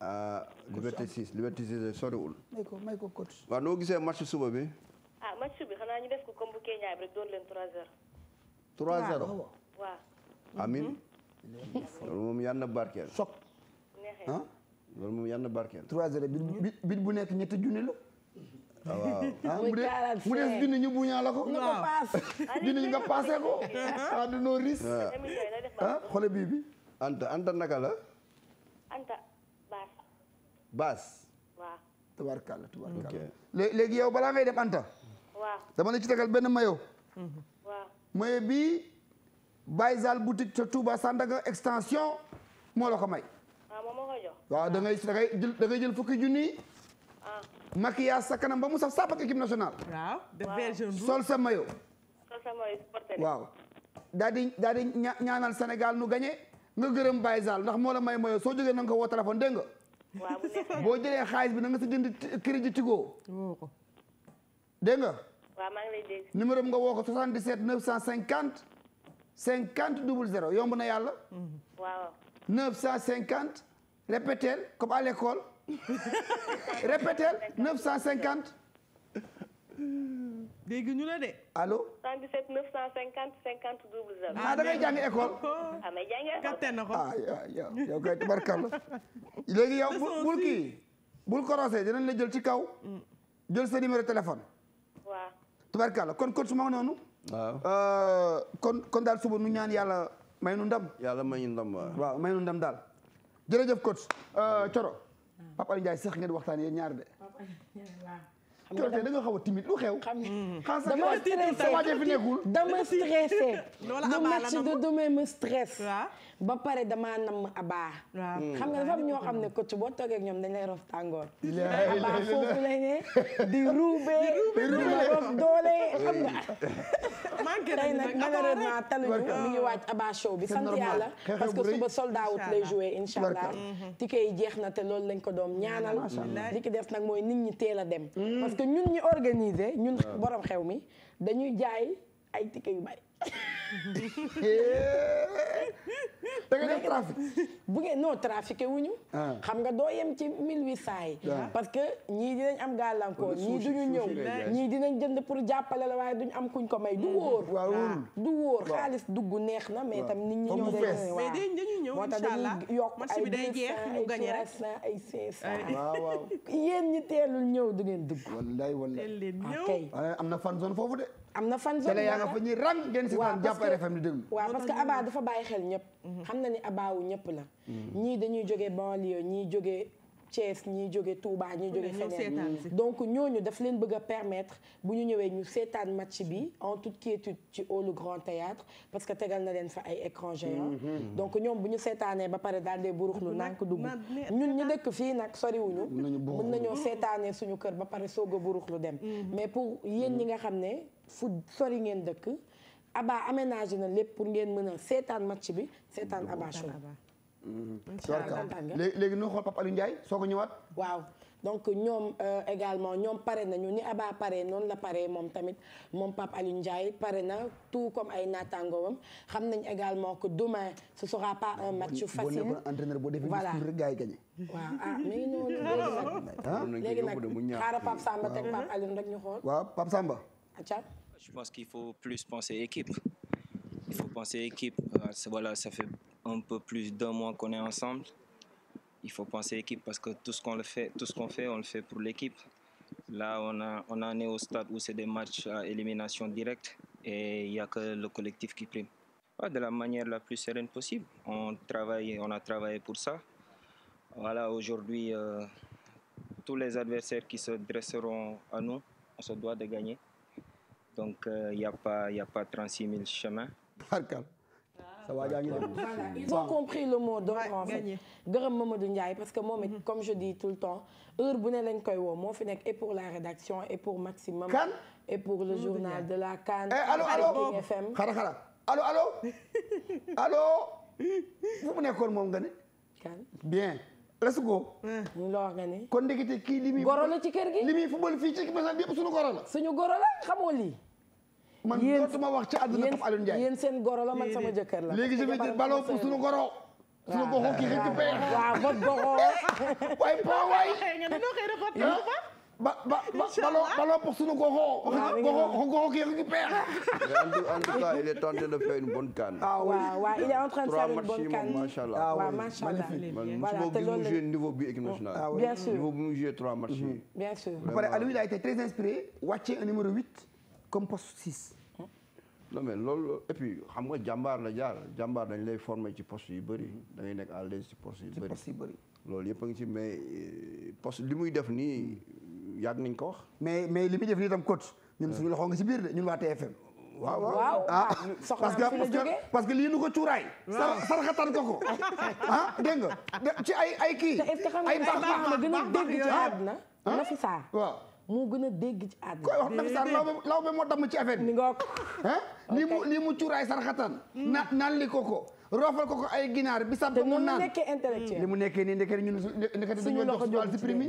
Ah, Liberté 6 Liberté 6 soriwul. may waaw noo gisee match suba bi. ah match bi xanaa bi amin loolu moom yàlla na barkeel. loolu moom yàlla na bit bu nekk ñetti junni la. Ah, waaw mu des mu ñu buñaa la ko. nga ko paas junni nga paase ko. ah bii bi. Anta Anta naka la. baas. waaw tubaarkàlla léegi yow balaa ngay dem Anta. waaw dama la ci tegal benn mayo. waaw mayo bi Baye Zal boutique ca Touba Sandaga extension moo la ko may. ah moom moo koy waaw da jël da jël fukki junni. ah maquillage sa kanam ba mu saf sàpp ak équipe nationale. waaw sol sa mayo. sol waaw. daal di daal di ñaanal Sénégal nu gagné nga gërëm Baye Zal ndax moo la may mayo soo jógee na woo téléphone dégg nga. *laughs* boo jëlee xaalis bi na nga si jënd crédit Tigo. woo ko. nga. waaw maa ngi lay dégg. numéro bi nga woo ko 77 950 50 00 yomb na yàlla. waaw. 950 répéteel comme à l'école *laughs* répéteel 950. dégg ñu la de. allo. 77 950 50 jàng école. ah, ah. ah jàng école. katte na ko. ah yow yow *laughs* léegi yow bul kii bul korosé dinañ la jël ci kaw. Mm. jël sa numéro téléphone. waaw. tubarkalla kon kon su ma noonu. Euh, kon kon daal suba nu ñaan yàlla may nu ndam. yàlla may nu ndam waaw. may nu ndam daal. jërëjëf coach euh, Coro. Mm. Papa Ndiaye sax ngeen waxtaan yéen ñaar de. keroog tey da nga xaw a timide lu xew. xam mm-hmm. dama stressé dama *laughs* stressé. le match de demain me stresse. ba pare damaa namm abaa. Mm. xam nga dafa am ñoo xam ne mm. coach boo toogee ak ñoom dañ lay rof tàngoor. abaa foofu la ne *laughs* di ruube di rof doole xam nga. *laughs* manqué nañ nag malheureusement taluñu mi ngi waaj abaa show bi sant yàlla. parce que suba soldat wut lay joué incha allah. Mm-hmm. ticket yi jeex na te loolu lañ ko doom ñaanal. di ki def nag mooy nit ñi teel a dem. Mm. parce ñu ñun ñi organiser ñun borom xew mi dañuy jaay ay ticket bari. *laughs* da nga def trafic. bu ngeen non trafiqué wuñu. Ah. xam nga doo yem ci mille huit cent yi. Ah. parce que ñii dinañ am gàllankoor ñii duñu ñëw. ñii dinañ jënd pour jàppale la waaye duñ am kuñ ko may du wóor. Mm. Ah. du xaalis dugg neex na mais tam nit ñi ñoo doon. mais dañuy ñëw incha allah marché bi day jeex ñu ay cinq cent ay waaw waaw. *laughs* yéen ñi teelul ñëw du ngeen dugg. wallaay wallaay. teel am na fan zone foofu de. am na fan zone yaa nga fa ñuy rang ngeen parce que Abba dafa bàyyi xel ñëpp mm-hmm. xam na ni Abba wu ñëpp la mm-hmm. ñii dañuy jógee banlieue ñii jógee Thiès ñii jóge Touba ñii jóge feneen donc ñooñu daf leen bëgg a permettre bu ñu ñëwee ñu seetaan match bi en toute quiétude ci hall grand théâtre parce que tegal na leen fi ay écran géant mm-hmm. donc ñoom bu ñu seetaanee ba pare daal dee buruxlu nànk dugg ñun ñu dëkk fii nag soriwuñu mën nañoo seetaanee suñu kër ba pare soog a lu dem mais pour yéen ñi nga xam ne fu sori ngeen dëkk Aba aménagé na lépp pour ngeen mën a seetaan match bi seetaan Aba show mm-hmm. léegi nu xool Pape Aliou Ndiaye soo ko ñëwaat waaw donc ñoom euh, également ñoom pare nañu ni Aba pare noonu la pare moom tamit moom Pape Aliou Ndiaye pare na tout comme ay naataangoowam xam nañ également que demain ce sera pas un match facile voilà waaw ah mais noonu *laughs* léegi nag léegi nag xaaral Pape Samba teg Pape Aliou rek waaw Pape Samba Je pense qu'il faut plus penser équipe. Il faut penser équipe. Euh, voilà, ça fait un peu plus d'un mois qu'on est ensemble. Il faut penser équipe parce que tout ce qu'on fait, tout ce qu'on fait, on le fait pour l'équipe. Là, on, a, on en est au stade où c'est des matchs à élimination directe et il n'y a que le collectif qui prime. de la manière la plus sereine possible. On, travaille, on a travaillé pour ça. Voilà, aujourd'hui, euh, tous les adversaires qui se dresseront à nous, on se doit de gagner. donc euh, ya a pas y' a pas 36 000 chemins. barkal ça va jaa ngi dem. voilà ils ont compris le mot parce que moom it comme je dis tout le temps heure bu ne koy woo moo fi nekk e pour la rédaction et pour Maximum. kan et pour le journal de la CAN. Eh, allo allo FM xara xara allo *laughs* nekkoon moom nga ne. kan bien. let's go. ñu la wax nga ne. kon ndekete kii li muy. goro la ci kër gi li muy football fii ci masam bi yëpp goro la. suñu goro la xamoo lii. man dootuma wax ci àdduna am Alioune Ndiaye yéen seen goro la man sama jëkkër la. léegi je vais dire ballon pour sunu goro. sunu goxo kii récupère. waaw votre goxo. waay paa waay. ba ba ballon ballon pour sunu goxo. goxo goxo kii récupère. en tout cas il est tenté de faire une bonne CAN. ah oui waaw il est en train de faire une bonne CAN. macha allah waaw ah ah macha allah. voilà te loolu la niveau bi équipe nationale. Ah bien sûr niveau bi mu joué trois matchs. bien sûr. ba pare Alioune a été très inspiré wàcce un numéro huit. comme post six. non mais loolu et xam nga jàmbaar la jaar jàmbaar dañ lay forme ci post yu bëri da nekk à l'aise ci poste yu bëri loolu yëpp ngi ci mais euh, poste li muy def nii yàgg nañ ko wax. mais mais li muy def nii tam coach ñun suñu loxo nga ci biir de ñun waa TFM. waaw waaw ah, ah parce que parce que lii nu ko cuuraay. waaw sarxatan ko ko *laughs* ah dégg nga ci ay ay kii. ay baax xam nga ay baax a ci àdduna. Ah. na fi saa waaw. moo gën a dégg ci àddina. koy wax Nafi Sarr lawbe lawbe moo damm ci affaire bi. ni nga ko ah. lii mu lii mu cuuraay saraxatan. Hmm. naan naan li koko. roofal ko ko ay ginaar bi sab ko mu naan li mu nekkee nii ndekete ñun ndekete dañoo jox suñu wàll supprimi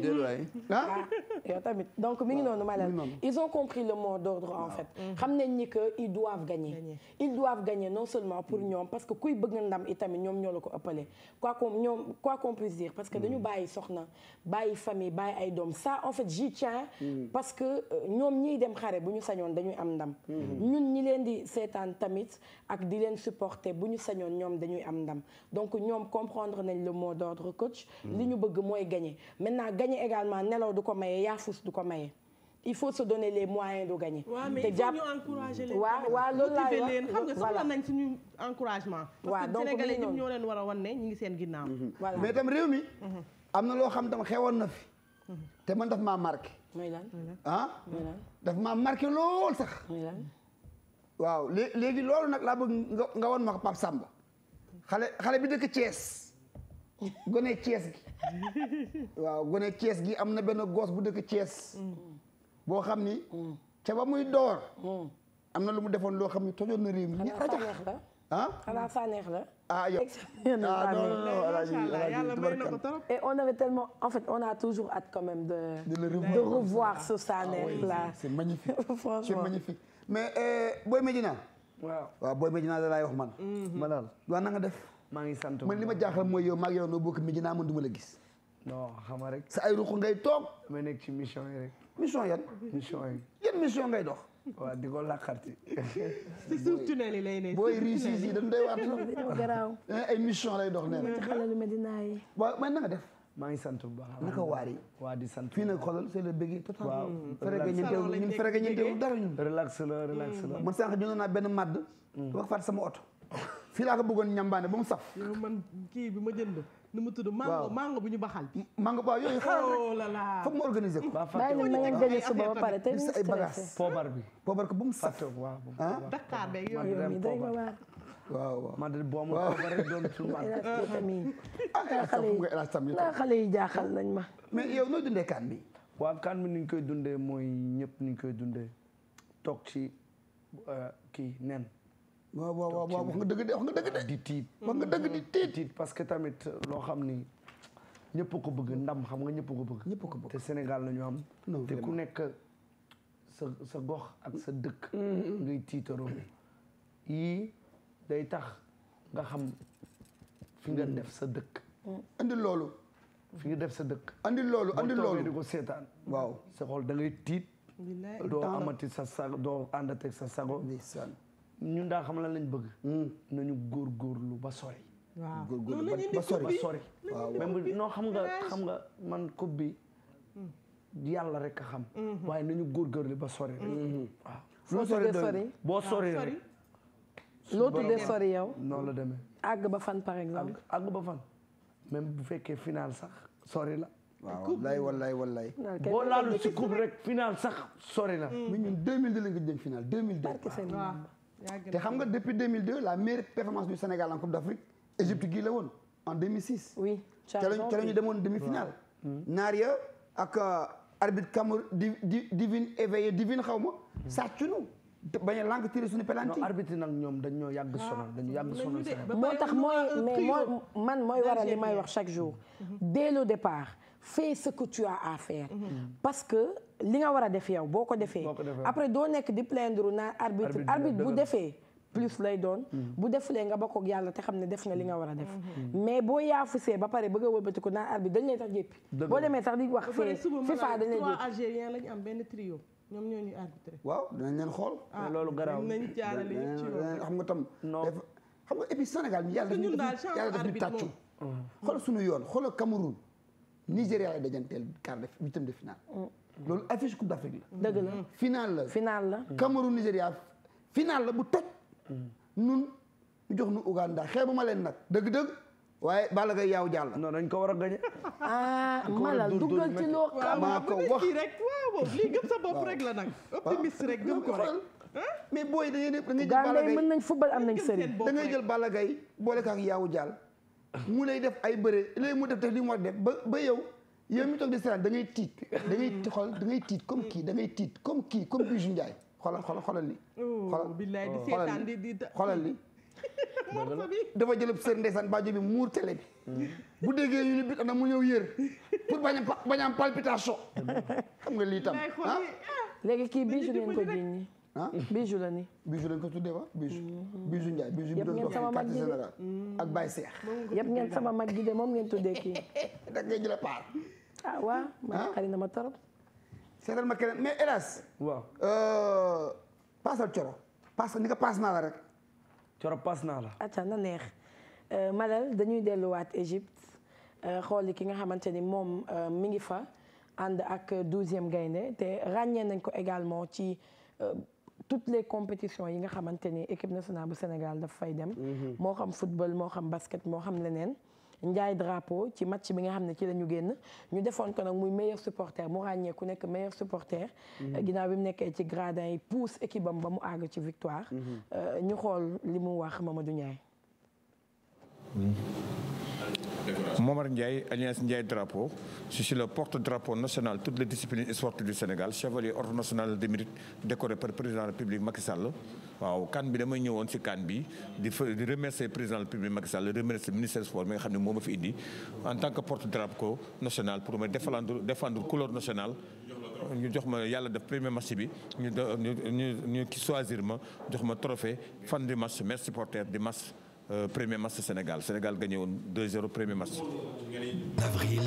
ah yow tamit donc mi ngi noonu maanaam ils ont compris le mot d'ordre en fait xam nañ ni que ils doivent gagner ils doivent gagner non seulement pour ñoom parce que kuy bëgg ndam itamit ñoom ñoo la ko ëppale quoi qu'on ñoom quoi qu'on puisse dire parce que dañu mm. bàyyi soxna bàyyi famille bàyyi ay doom ça en fait j'y tiens mm. parce que euh, ñoom ñiy dem xare bu ñu sañoon dañuy am ndam mm. ñun ñi leen di seetaan tamit ak di leen supporter bu ñu sañoon ñoom dañuy am ndam donc ñoom comprendre nañ le mot d'ordre coach li ñu bëgg mooy gagner maintenant gagner également nelaw du ko maye yaafus du ko maye il faut se donner les moyens de gagner. waaw mais il faut ñu encourager leen. waaw waaw loolu laa wax leen xam nga soxla nañ suñu a mhm. loo xam tam xewoon na fi. Mhm. te man daf maa marqué. mooy lan ah. daf maa marqué lool sax. mooy waaw léegi loolu nag laa bëgg nga nga woon ma Pape Samba. xale xale bi dëkk Thiès gone Thiès gi waaw gone Thiès gi am na benn goos bu dëkk Thiès boo xam ni ca ba muy door am na lu mu defoon loo xam ni tojoon na réew mi ñu rajax ah xanaa Saneex la ah yow *laughs* ah non non non et on avait tellement en a toujours hâte quand même de. de le revoir de revoir ce Saneex ah *laughs* c'est magnifique mais euh, Boy Medina. waaw waaw booy Medina da laay wax man. Mhm. ma daal waaw na def. maa ngi sant man li ma jaaxal mooy yow maa ngi yow noo bokk Medina man du ma la gis. non xam rek. sa ay ruq ngay toog. ma nekk ci mission yi rek. mission yan. mission yi mission ngay dox. waaw di ko laqarti. si booy riisi yi dañu doy waar *laughs* eh, ay mission lay dox nee na. xale lu Medina man na def. maa ngi sant bu baax. naka waari. waa di sant fii nag xoolal c'est le bégi total. waaw fere ñeentewul dara ñun. relax la relax la. Mm. man naa benn madd. wax mm. faat sama oto. fii laa ko bëggoon ñambaane ba mu saf. *laughs* man kii bi ma jënd. nu mu tudd mango mango bu ñu baxal. mango ba yooyu xaaral oh rek foog ma organiser ko. bàyyi leen ma ngeen daje suba ba pare te ñu stressé. poobar bi poobar ko bu mu ah? saf. Dakar beeg yooyu doy na waar. waaw man de boo ma bari doon tuuma. *laughs* ah, ah. ah xale yi jaaxal nañ ma. mais yow noo dundee kan bi. waaw kan bi ni ñu koy dundee mooy ñëpp ni ñu koy dundee toog ci euh, kii nen. waaw waaw waaw wax nga dëgg de wax nga dëgg de. di tiit wax nga dëgg di tiit. tiit parce que tamit loo xam ni ñëpp ko bëgg ndam xam nga ñëpp ko bëgg. ñëpp ko bëgg te Sénégal la ñu am. te ku nekk sa sa gox ak sa dëkk. Mm-hmm. ngay tiitaroo yii. day tax nga xam fi nga hmm. def sa dëkk. Hmm. andi loolu. fi nga def sa dëkk. andi loolu andi loolu seetaan. waaw sa xol da ngay tiit. doo amati sa sago doo àndateeg sa sago. ñun daa xam la lañ bëgg. Hmm. nañu góorgóorlu ba sori. ba sori ba sori. waaw même xam nga xam nga man coupe bi. yàlla rekk a xam. waaye nañu góorgóorlu ba sori. waaw. boo sori boo loo tuddee sori yow. noonu la demee. àgg ba fan par exemple. àgg ba fan. même bu fekkee final sax sori la. waaw wallaay wallaay wallaay. boo laalu si coupe rek final sax sori la. mais ñu 2002 lañ ko jëm final 2002. te xam nga depuis 2002 la meilleure performance du Sénégal en Coupe d'Afrique Égypte gii la woon en 2006. oui ca la ñu demoon demi-finale. Mm. naar ya ak euh, arbitre Cameroun di di divine di divine xaw ma mm. sàccu nu ba bañ a lànk tiré suñu penalty. non arbitre nag ñoom dañ ñoo yàgg ah, sonal dañu yàgg sonal sa moo tax mooy mais mooy man mooy waral li may wax chaque jour. Mhm. dès le départ fais ce que tu as à faire. Mhm. parce que li nga war a def yow boo ko defee. après doo nekk di plaindre naa arbitre arbitre bu defee. plus lay doon. Mhm. bu defulee nga bokk ak yàlla te xam ne def nga li nga war def. mais boo yaafusee ba pare bëgg a wëlbati ko naan arbitre dañ lay tax jéppi. boo demee tax di wax. fii FIFA dañ lay jéppi ñoom ñoo ñuy arbitré. waaw dinañ leen xool. ah loolu garaaw nañ jaarale yëpp ci yow xam nga tam. non xam nga et puis Sénégal mi yàlla dañuy yàlla dañuy tàccu. Mm. xool suñu yoon xoolal Cameroun. Nigéria la dajanteel quart de huitième de finale. Mm. loolu affiche coupe d'Afrique la. dëgg la mm. finale la. finale la Cameroun Nigéria finale la bu toj. nun ñu jox nu Ouganda xeebu ma leen nag dëgg-dëgg. waaye Balla Gaye yaaw jàll. non nañ ko war a gañe. ah Malal dugal ci loo xam. maa ko wax rek waaw lii sa bopp rek la nag. optimiste rek ko rek. mais booy da ngay da ngay jël Balla Gaye mën nañ football am nañ sëriñ. da ngay boole kaak yaaw jàll. mu lay def ay bëre léegi mu def te li mu war def ba ba yow. yow mi toog di seetaan da ngay tiit da ngay da ngay tiit comme kii da tiit comme kii comme Bijou Ndiaye xoolal xoolal xoolal li. xoolal xoolal li morso bi dafa jëlëb sër ndeysaan baajo bi muur télé bi bu déggee ñu ni bit ana mu ñëw yër pour bañ a bañ a xam nga lii tam ah? ah léegi kii bisu ngeen ko jinni ah bisu la ni bisu lañ ko tuddee wa bisu mm-hmm. bisu Ndiaye bisu bi doon dox quartier général mm. ak Baye Seex yëpp ngeen sama mag gi de moom ngeen tuddee kii *laughs* da ngay jël paar ah waaw ah? ma xari na ma torop seetal ma keneen mais hélas waaw euh, paasal coro paasal ni naa la rek coro pas naa la. acca na neex euh, Malal dañuy delluwaat Égypte euh, xooli ki nga xamante ni moom euh, mi ngi fa ànd ak douzième gaynde te ràññee nañ ko également ci toutes les compétitions yi nga xamante ni équipe nationale bu Sénégal daf fay dem. Mhm. moo xam football moo xam basket moo xam leneen. Ndiaye Drapeau ci match bi nga xam ne ci la ñu génn ñu defoon ko nag muy meilleur supporter mu ràññee ku nekk meilleur supporter mhm. euh, ginnaaw bi mu nekkee ci gradin yi pousse équipe ba mu àgg ci victoire mhm. euh, ñu xool li mu wax Mamadou Ndiaye Momar Ndiaye, alias Ndiaye Drapeau, je suis le porte-drapeau national toutes les disciplines et sportives du Sénégal, chevalier ordre national de mérite décoré par le président de la waaw kan bi damay ñëwoon si kan bi di di remercier président de la République Macky Sall di remercier ministère sport mi nga xam ne moo ma fi indi en tant que porte drapeau national pour ma ñu jox ma yàlla def premier match bi ñu ñu ñu choisir ma jox ma trophée fan di match maire supporter di match euh, premier match Sénégal Sénégal gagné woon 2-0 premier match. avril.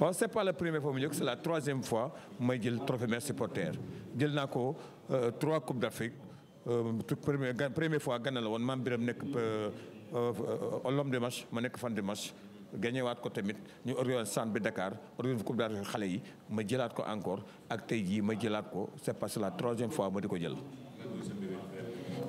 waaw c'est pas la première fois la troisième fois may jël trophée maire supporter jël naa ko euh, trois coupes d'Afrique. Euh, tout premier première fois Gana la woon maam Biram nekk euh, euh, l'homme de match ma nekk fan de match gagné ko tamit ñu organisé centre bi Dakar organisé coupe xale yi ma jëlaat ko encore ak tey jii ma jëlaat ko c'est parce que la troisième fois ma di ko jël.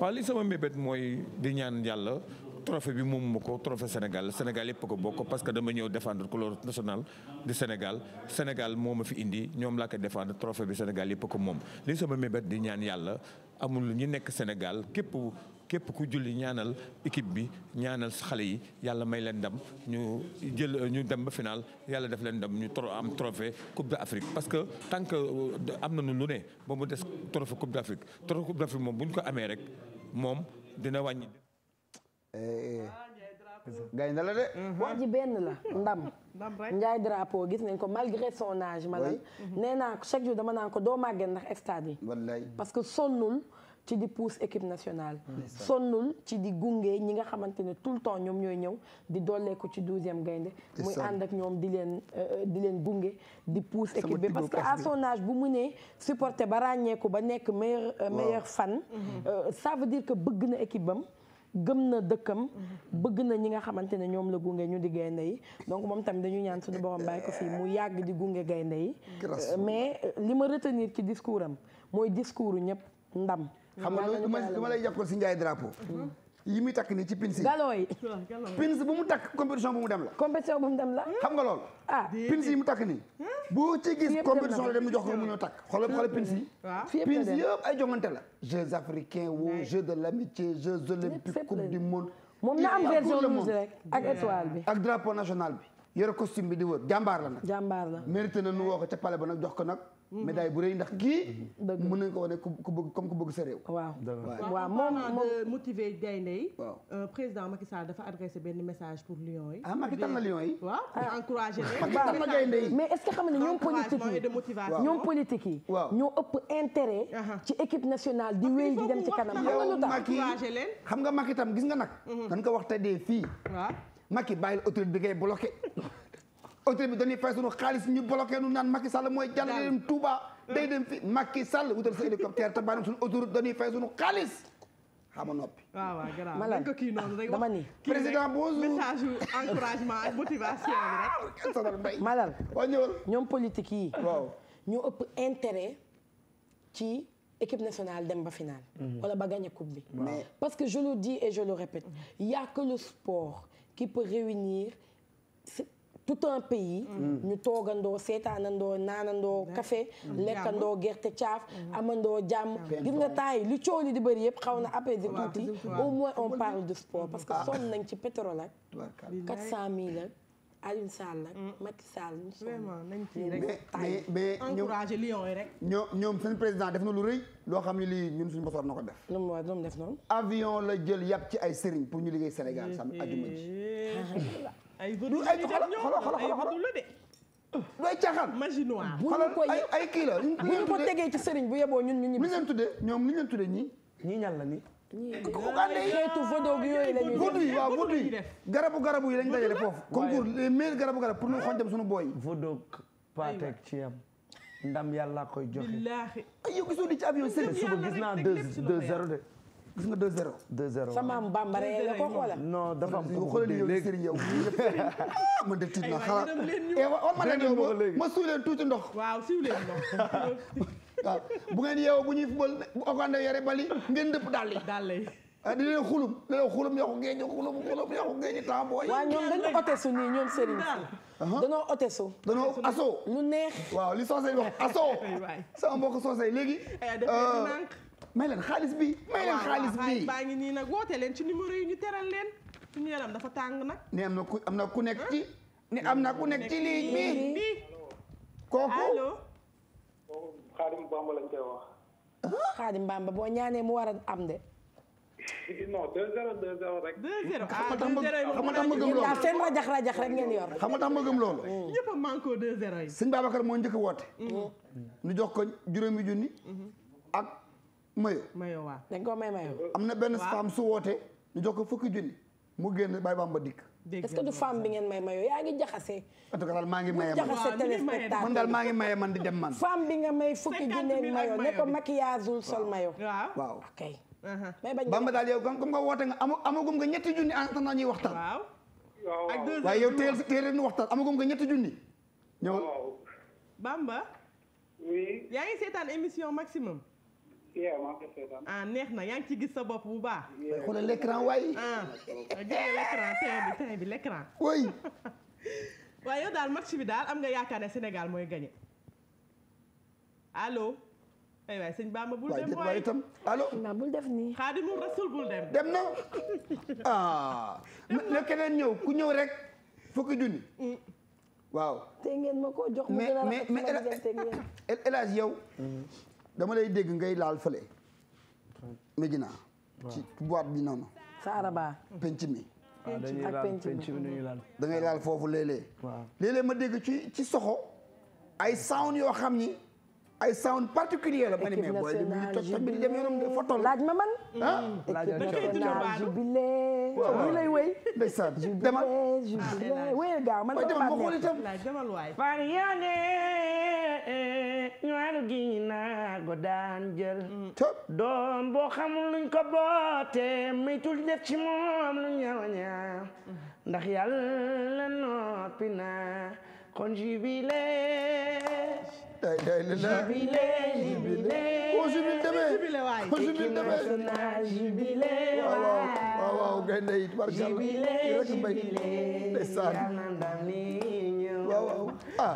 waaw li sama mbébét mooy di ñaan yàlla trophée bi moom ma ko trophée Sénégal Sénégal yëpp ko bokk parce que dama ñëw défendre couleur nationale du Sénégal Sénégal moom ma fi indi ñoom laa ko défendre trophée bi Sénégal yëpp ko moom sama mbébét di ñaan yàlla. amul lu ñu nekk Sénégal képp képp ku julli ñaanal équipe bi ñaanal xale yi yàlla may leen ndam ñu jël ñu dem ba final yàlla def leen ndam ñu tro am trophée coupe d'Afrique parce que tant que am nañu lu ne ba mu des trophée coupe d'Afrique trophée coupe d'Afrique moom bu ñu ko amee rek moom dina wàññi. Eh, eh. gaynde la de. Mhm. wax ji benn la ndam. ndam rek Ndiaye drapeau gis nañ ko malgré son âge. malal mhm. nee naa ko chaque jour dama naan ko doo màggee ndax stade yi. wallaay parce que son sonnul. ci di pousse équipe nationale sonnul ci di gunge ñi nga xamante ne tout le temps ñoom ñooy ñëw di dollee ci douzième gaynde muy ànd ak ñoom di leen euh, euh, di leen gunge di pousse équipe bi parce que à son âge bu mu nee supporter ba ràññeeku ba nekk meilleur euh, meilleur fan mhm. ça veut dire que bëgg na équipe bam gëm na dëkkam bëgg na ñi nga xamante ne ñoom la gunge ñu di gaynde yi donc moom tamit dañu ñaan suñu borom bàyyi ko fii mu yàgg di gunge gaynde yi euh, mais euh, li ma retenir ci discours am mooy discours ñëpp ndam xam nga loolu dama lay jàppal si Ndiaye drapeau mhm. yi muy takk ci pins yi galoo yi bu mu takk compétition bu mu dem la compétition bu mu dem xam nga lool ah yi mu takk nii hmm? boo ci gis compétition la dem jox ko mu ñëw takk xoolal xoolal pins yi pins yëpp ay jongante la jeux africains woo jeux de l'amitié jeux olympiques coupe du monde moom na version rouge rek ak étoile bi ak drapeau national bi yore costume bi di wër jàmbaar la nag jàmbaar la mérité na nu woo ko ca pale ba nag jox ko nag Mm-hmm. médaille bu rëy ndax kii. mën nañu ko wane ku bëgg comme ku bëgg sa réew. waaw waaw moom moom motiver gaynde yi. waaw euh, président Macky Sall dafa adressé benn message pour Lions yi. ah Macky tànn Lions yi. waaw pour ah. encourager leen. mais est-ce que xam nga ñoom politique yi ñoom politique yi. ñoo ëpp intérêt. Uh-huh. ci équipe nationale di wéy di dem ci kanam. yow Macky xam nga Macky tam gis nga nag. Mm-hmm. dañ ko wax tey de fii. waaw Macky bàyyil autorité bi ngay bloqué. *laughs* autorité bi dañuy fay sunu xaalis ñu bloqué nu naan Macky mooy jàll dem Touba day dem fi Macky sa hélicoptère te bàyyi sunu autoroute dañuy fay sunu xaalis xam nga noppi. waaw waaw gannaaw man ko kii noonu rek dama ni président bonjour message encouragement motivation *laughs* malal waa politique yi. waaw intérêt ci. équipe nationale dem ba finale mhm. wala ba gagné coupe bi parce que je le dis et je le répète il que le sport qui peut réunir tout un pays. Mm-hmm. ñu toogandoo seetaanandoo naanandoo café mm-hmm. lekkandoo gerte caaf. Mm-hmm. amandoo jàmm gis nga temps yi lu coow li di bëri yëpp xaw na apaiser tuuti au moins on parle de sport parce que ah. sonn nañ ci pétrole ak. 400000 ak Alioune Sall ak mm. Macky Sall ñu sonn. vraiment nañ ci rek mais encouragé Lions yi rek. ñoom ñoom seen président def na lu rëy loo xam ne lii ñun suñu bosoor na ko def. lu mu war def noonu. avion la jël yàpp ci ay sëriñ pour ñu liggéey Sénégal sam ajuma ji. *laughs* ay vëdu la ñu def ñoom ay vëdu la de. doy caaxaan magie noire. bu ñu ko ay kii la bu ñu ko tegee ci sëriñ bu yeboo ñun ñu ñibbi. li ñu leen tuddee ñoom li ñu leen tuddee ñii. ñii ñan la nii. xeetu vodo gi yooyu la ñuy def vodo yi waaw vodo yi garabu garabu yi lañ dajale foofu. concours les meilleurs garabu garabu pour ñu xoñ dem suñu booy. vodo paateeg ci yam ndam yàlla koy joxe. billaahi ay yow gisoo di ci avion sëriñ suba gis naa deux deux zéro de. gis nga 2-0. ko wala. *laughs* Ah, de tiit na xalaat eh, war ma leen yow ma suuy leen tuuti ndox. waaw suuy leen ndox. *laughs* waaw bu ngeen yeewoo bu ñuy football bu Oganda yore bali ngeen dëpp dàll yi. dàll yi ah di leen xulum di leen xulum yàqu ngeen ñu xulum xulum yàqu ngeen ñu tàmbooy. waaw ñoom dañu otesu nii ñoom Serigne. Uh-huh. danoo otesu. danoo aso. lu neex. waaw li soosey wax aso. *laughs* sama mbokk soosey léegi. may leen xaalis bi may leen xaalis bi baa ngi nii nag woote leen ci numéro yi ñu teral leen suñu yaram dafa tàng nag leen am na ku am na ku nekk ci ne am na ku nekk ci ligne bi kooku allo Xaadim lañ koy wax Xaadim Bamba boo ñaanee mu war a am de non 2-0 2-0 rek. 2-0 ah 2-0 xam nga ah, tax ma gëm loolu. yaa seen rajax rajax rek ngeen yor. xam nga tax ma gëm loolu. ñëpp mm. a manko 2-0 yi. sëñ moo njëkk a woote. Mm. jox ko juróomi junni. Mm-hmm. mayo mayo waaw dañ koo may mayo am na benn femme su woote ñu jox ko fukki junni mu génn Baye Bamba dikk est-ce que du femme bi ngeen may mayo yaa ngi jaxase en tout cas daal maa ngi maye man jaxase téléspectateur man daal maa ngi maye man di dem man femme bi nga may fukki junni mayo ne ko maquillage ul sol mayo waaw ok uh-huh. Bamba daal yow comme nga woote nga amagum nga ñetti junni en attendant ñuy waxtaan waaye yow teel teel ñu waxtaan amagum nga ñetti junni ñëwal Bamba yaa ngi seetaan émission maximum Ah, neex na yaa ngi ci gis sa bopp bu baax. xoolal ah, l'écran waay. ah bi terrain bi l'écran. oui. waaye yow daal match bi daal am nga yaakaar ne Sénégal mooy gagné allo. ay waay sëñ Bamba bul dem waay def nii. Xaadimu Rasul bul dem. dem na *laughs* ah. keneen ñëw ku ñëw rek fukki junni. Mm. waaw. te ngeen ma ko jox mu gën a mais mais El yow. Mm. dama lay dégg ngay laal fële. Medina. ci boîte bi noonu. sa araba. penc mi. ak ah, penc mi da ngay laal foofu léeg-léeg. léeg ma dégg ci ci soxo. ay sound yoo xam ni. ay sound particulier la. équipe nationale jubilé laaj ma man. ah équipe nationale jubilé. waaw lay wey. ndeysaan demal jubilé ah, jubilé. wéyal gaaw man gaal gi naago daan jël mm. doom boo xamul luñ ko boote maytul def ci moom lu ñaaw ñaaw mm. ndax yàlla noppi na kon jubile jubile ko jubil demee ko jubil demee jubile waaw waaw waaw gaynde yi tubarkalla ah.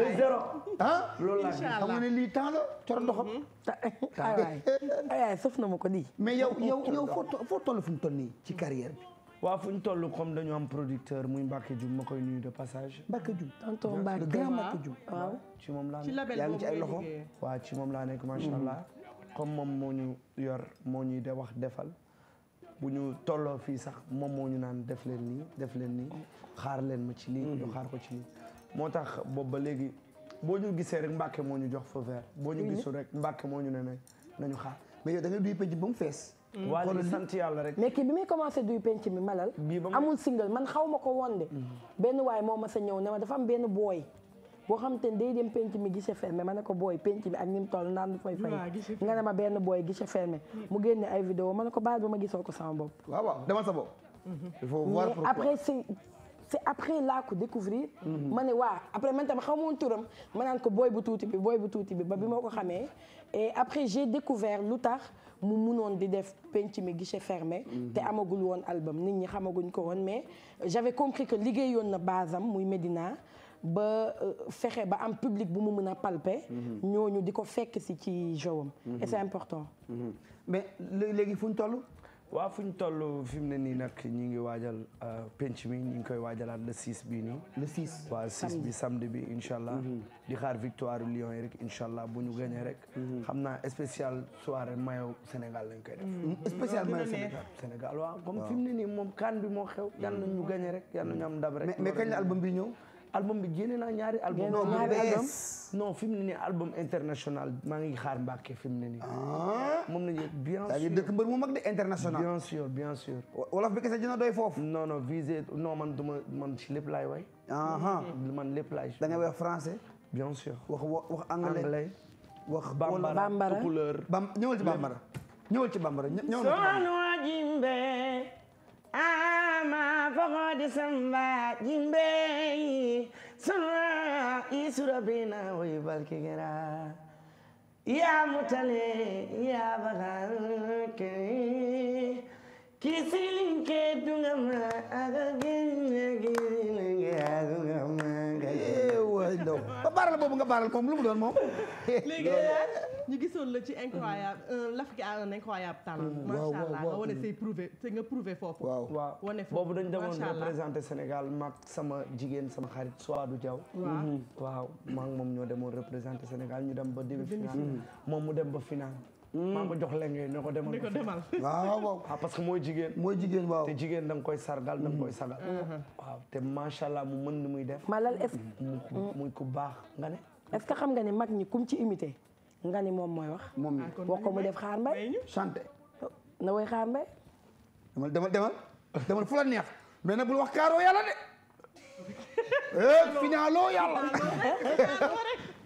rek ah loolu laa xam ne lii temps la coro ndoxam. Mm-hmm. aywaay eh, aywaay sëf na ma ko nii. mais yow yow foo toll fu mu toll nii ci carrière bi. waaw fu ñu toll comme dañu am producteur muy Mbacke Dioum ma koy nuyu de passage. Mbacke Dioum tonton Mbacke grand Mbacke Dioum waaw ci moom laa yaa ngi ci ay loxo. waaw ci moom laa nekk macha allah. Mm-hmm. comme moom moo ñu yor moo ñuy de wax defal bu ñu tolloo fii sax moom moo ñu naan def leen nii def leen nii xaar leen ma ci lii. ñu mm-hmm. ko ci lii moo tax boobu ba léegi. boo ñu gisee rek Mbàkke moo ñu jox feu vert boo ñu gisul rek Mbàkke mm. bi muy commencé duy penc mi malal. amul single man xaw ma ko woon de. Mm. benn waay moo ma sa ñëw ne ma am benn booy. boo xam ne day dem penc mi guichet fermé ma ne ko booy penc mi ak ni mu naan du fay nga ne ma benn booy guichet fermé mu génne ay vidéo ma ne ko baal ba ma gisoo ko sama bopp. waaw waaw dama mm-hmm. après si c'est après laa ko découvrir ma ne waa après man tam xamoon turam ma naan ko booy bu tuuti bi booy bu tuuti bi ba bi ma ko xamee et après j'ai découvert lu tax mu munoon di def penc mi guichet fermé mhm. te amagul woon album nit ñi xamaguñ ko woon mais j'avais compris liggéey yoon na basam muy Médina ba euh, fexe ba am publique bu mu mën a palper mhm. ñooñu di ko fekk si ci jowam et mhm. c'est important mais léegi fu ñu toll waaw fu ñu toll fi mu ne nii nag ñu ngi waajal euh, penc mi ñu ngi koy waajalaat le 6 bii nii. le 6 waaw 6 bi samedi bi incha allah. Mm-hmm. di xaar victoire Lions yi rek incha allah bu ñu gagné rek. Mm-hmm. xam naa spécial soirée maillot Sénégal lañ koy def. Mm-hmm. spécial maillot Sénégal Sénégal waaw comme fi ne nii moom kan bi moo xew. yal na ñu gagné rek yal ñu am ndam rek. mais mais kañ la album bi ñëw. album bi génne naa ñaari album non non fi mu ne album international maa ngi xaar Mbàkke fi mu ne nii. Ah. moom la ñu bien sûr daa ngi bi mbër mu mag de international. no sûr bien sûr. wolof bi kese dina doy foofu. non non visé non man duma man ci lépp laay way. man lépp laay. da nga wax français. bien sûr wax wax anglais. wax bambara bambara couleur. bam ci bambara. ñëwal ci bambara ñëw na ci bambara. فقد سمى جنبي سرى يسر بنا ويبالك جرا يا متلي يا بغاك كيسين كدوما أغاقين يجيزين أغاقين sëñ Ndao ba baaral boobu nga baaral moom lu mu doon moom. léegi ñu gisoon la ci incroyable euh, l'Afrique a un incroyable talent. Mmh, waaw macha allah nga te nga prouvé foofu. waaw wane foofu boobu dañ demoon représenté Sénégal mag sama jigéen sama xarit Souadou Diaw. waaw mmh. waaw maa ngi moom ñoo demoon représenté Sénégal ñu dem ba demi-finale moom mu dem ba finale. Mm. maa ko jox lenge ne ko demal. ne *laughs* waaw waaw. ah parce que mooy jigéen. mooy jigéen waaw te jigéen da nga koy sargal da nga koy mm. sagal. Mm-hmm. waaw te macha allah mu mën ni muy def. malal est-ce mm. muy ku baax nga ne. est-ce que xam nga ni mag ñi kum ci imité. nga ni moom mooy wax. moom mi wax ah, ko mu def xaar mbay. chanté. na woy xaar mbay. demal demal demal demal fu la neex mais bul wax kaaroo yàlla de. *laughs* Eh, finaaloo yàlla.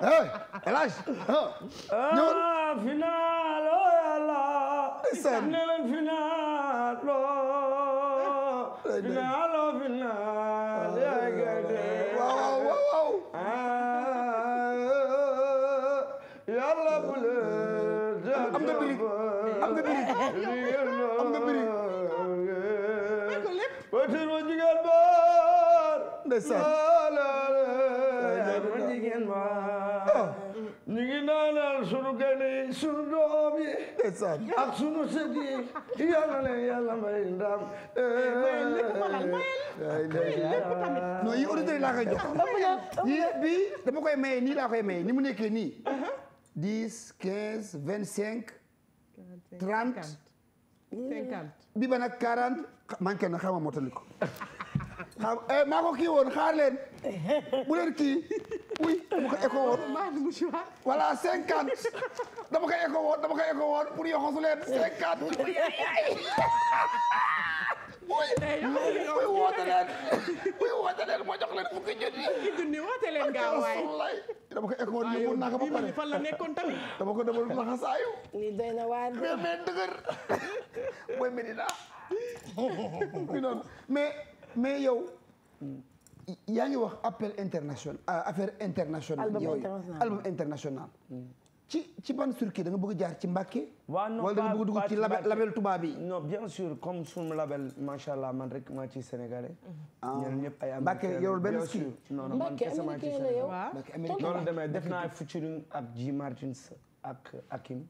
El Hadj. ñëwal final oo oh yàlla. isaan ne leen final oo. final oo final. waaw waaw waaw. yàlla bu leen. am nga biri am nga biri am nga biri. wetu ma jigéen baar. ndeysaan. ma jigéen baar. ñu ngi naanal sunu gane sunu doom yi ak sunu sët yi yàlla leen yàlla may ndam non yi auditeurs yi laa yi bi dama koy maye nii laa koy maye ni mu nekkee nii dix quinze vingt cinq trente cinquante bi ba quarante manqué na xama mootali ko xam eh, maa ko kii woon xaar leen *laughs* bu leen kii oui dama ko écho woon voilà cinquante dama ko écho woon dama ko écho woon pour yoxosu leen cinquante buy *laughs* *laughs* woote leen buy woote leen moo jox leen fukki junni fukki junni woote leen gaaw waay dama ko ekoon ni mun naa ko ba pare fan la nekkoon tamit dama ko demal laxasaayu ni doy na waar mais mais dëgër mooy Medina mi noonu mais mais yow yaa ngi wax appel international euh, affaire internationale. album international mm. ci ci ban circuit da nga bëgg jaar ci Mbàkke. waaw non wala da ci label label tubaab bi. non bien sûr comme sunu label macha allah man rek maa ci sénégalais. Ah. ñeneen ñëpp ay Mbàkke yorul benn ski. non non man kese maa ci sénégalais. naa featuring ak G Martins ak Akim.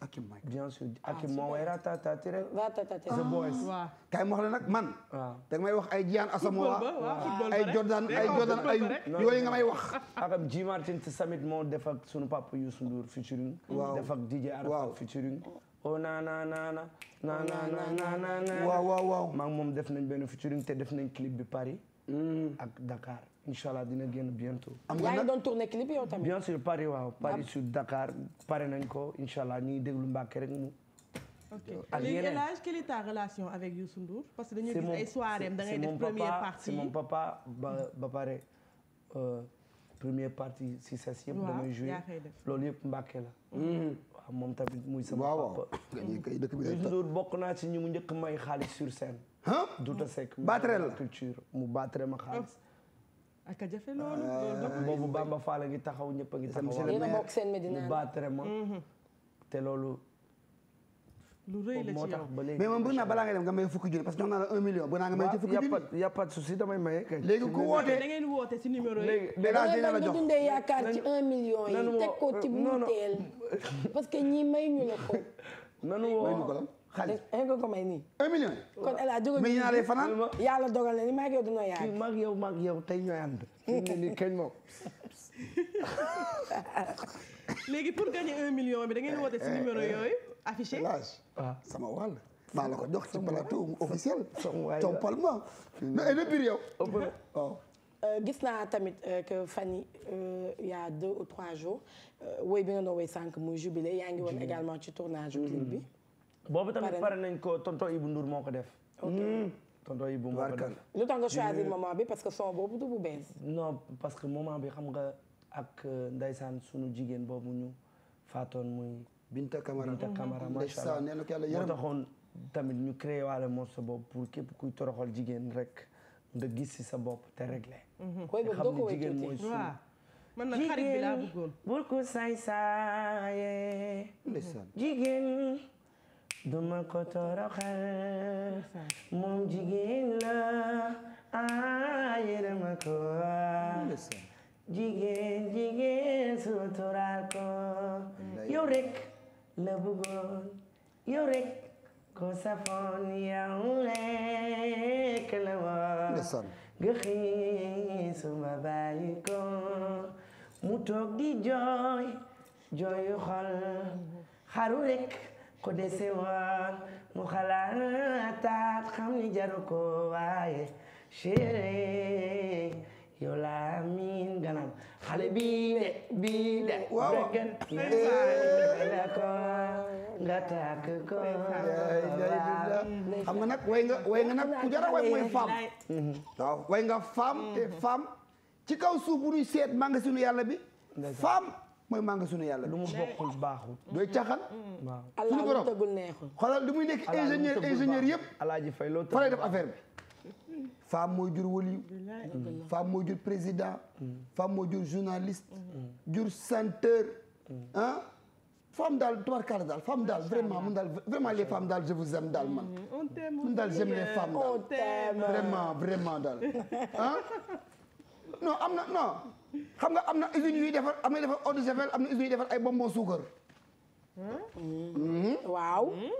Hakim Mike bien sûr Hakim ah, moo way ratatatere the boys ah, kay ma wax la nag man danga may wax ay Gian Asamoah ay Jordan ay Jordan ay yooyu nga may wax Hakim G Martin ci samit moo def ak sunu papa Youssou Ndour featuring def ak DJ Arafat featuring oh na na na na na na na waaw waaw waaw maa ngi moom def nañ benn featuring te def nañ clip bi Paris mm. ak Dakar incha allah dina génn bientôt. am nga doon tourné clip waaw Paris sur Dakar pare nañ ko incha allah ñuy déglu Mbàkke rek mu. ok léegi El Hadj quelle est ta relation avec Youssou Ndour. parce que dañuy gis ay da ngay def première papa ba ba pare euh, première partie si ses yëpp. waaw damay joué loolu yëpp Mbàkke la. Mm. Mm. waaw moom tamit muy sama papa. Youssou Ndour bokk naa ci ñi mu njëkk may xaalis sur scène. ah Douta Seck. battre la culture mu battre ma xaalis. ak a jafe loolu. Ah. boobu Bamba Fall a ngi taxaw ñëpp a ngi taxaw. yéen a bokk seen Medina la baat vraiment. Mhm. te loolu. lu rëy la ci yow mais moom bëgg naa balaa nga dem nga may fukki junni parce que jox naa la un million bëgg naa nga may ci fukki y' a pas de damay maye kay. léegi ku woote da ngeen woote ci numéro yi. léegi léegi da nga dundee yaakaar ci un million yi teg ko ci buuteel *laughs* parce que ñi may ñu xaalis un ko eh, ko may nii. un million. kon El Hadj mais ñaaree ni maa ngi yow dañoo yaay. kii maa ngi yow maa ngi yow tey ñooy ànd. *laughs* nii kañ moom. *laughs* léegi pour gagner un million bi da ngeen woote si eh, numéro eh. yooyu affiché. Ah. sama wàll. maa la ko jox ci plateau officiel. *laughs* toppal ma. na na biir yow. gis naa tamit euh, que fan yi euh, il a deux ou trois jours euh, woy bi nga woy sànq muy jubilé yaa ngi woon également ci tournage clip bi. boobu tamit pare nañ ko tonton Ibou Ndour moo ko def. tonton Ibou moo ko def. lu tax nga choisir euh, moment bi parce que son boobu du bu bees. bi xam nga ak euh, ndeysaan sunu jigéen boobu ñu faatoon muy. Binta Camara Binta Camara macha allah nee na ko yàlla yërëm moo taxoon tamit ñu créé waale morceau boobu pour képp kuy toroxal jigéen rek nga gis sa bopp te réglé. Mhm. koy boobu doo ko woy jigéen mooy suñu. saay saaye. jigéen. duma ko toroxal moom jigéen la ah yërëma ko jigéen jigéen suturaal ko yow la bëggoon yow rek ko safoon yow rek la woon nga xëy suma bàyyi ko mu toog di jooy jooyu xol xaru rek ku dese woon mu xalaataat xam ni jaru ko waaye chéri yow laa miin ganam xale bii de bii de waaw la ko nga takk ko xam nga nag way nga nag ku jara way mooy femme waaw nga femme te femme ci kaw suuf bu ñuy seet maa nga sunu yàlla bi femme mooy mànga suñu yàlla. lu mu bokkul baaxul. doy caaxaan. Mm-hmm. waaw suñu borom allah tëggul neexul. xoolal li muy nekk ingénieur ingénieur yëpp. alaaji fay loo fa lay def affaire bi. femme mooy jur waliyu. femme mooy jur président. Mm-hmm. femme mooy jur journaliste. Mm-hmm. jur chanteur. ah femme daal tubarkaar daal femme daal vraiment mun daal vraiment les femmes daal je vous aime daal man. mun daal j'aime les femmes daal. vraiment vraiment daal ah. *laughs* no am na non xam nga am na usines yuy defar am na defar am na usines yuy defar ay bonbon suukar. Hmm? Hmm? waaw. Hmm?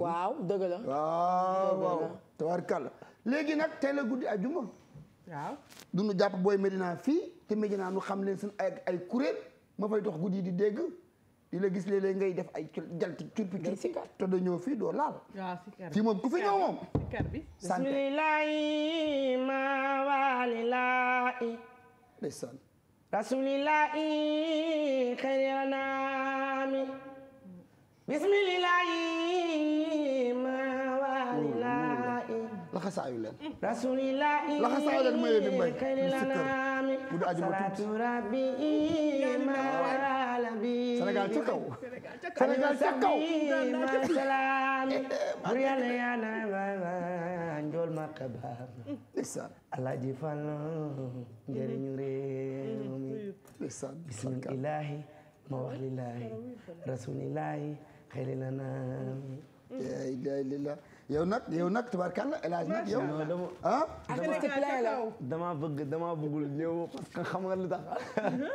waaw dëgg la. waaw waaw léegi nag tey la guddi àjjuma. waaw du nu jàpp booy Medina fii te Medina nu xam leen seen ay ay kuréel ma fay dox guddi di dégg. di gis léeg ngay def ay fii doo laal fii moom ku fi ñëw moom laxasaayu leen rasulillahi laxasaayu leen ma yéen di mbay mu sikkër mu du ajuma tuuti alamin Sénégal ca kaw Sénégal ca kaw masalam bur yàlla yàlla baba njool ma kabaam alaaji fal njëriñu réew mi bismillahi ma wax lillahi rasulillahi xëyli dama dama bëgg dama bëggul xam nga lu *laughs*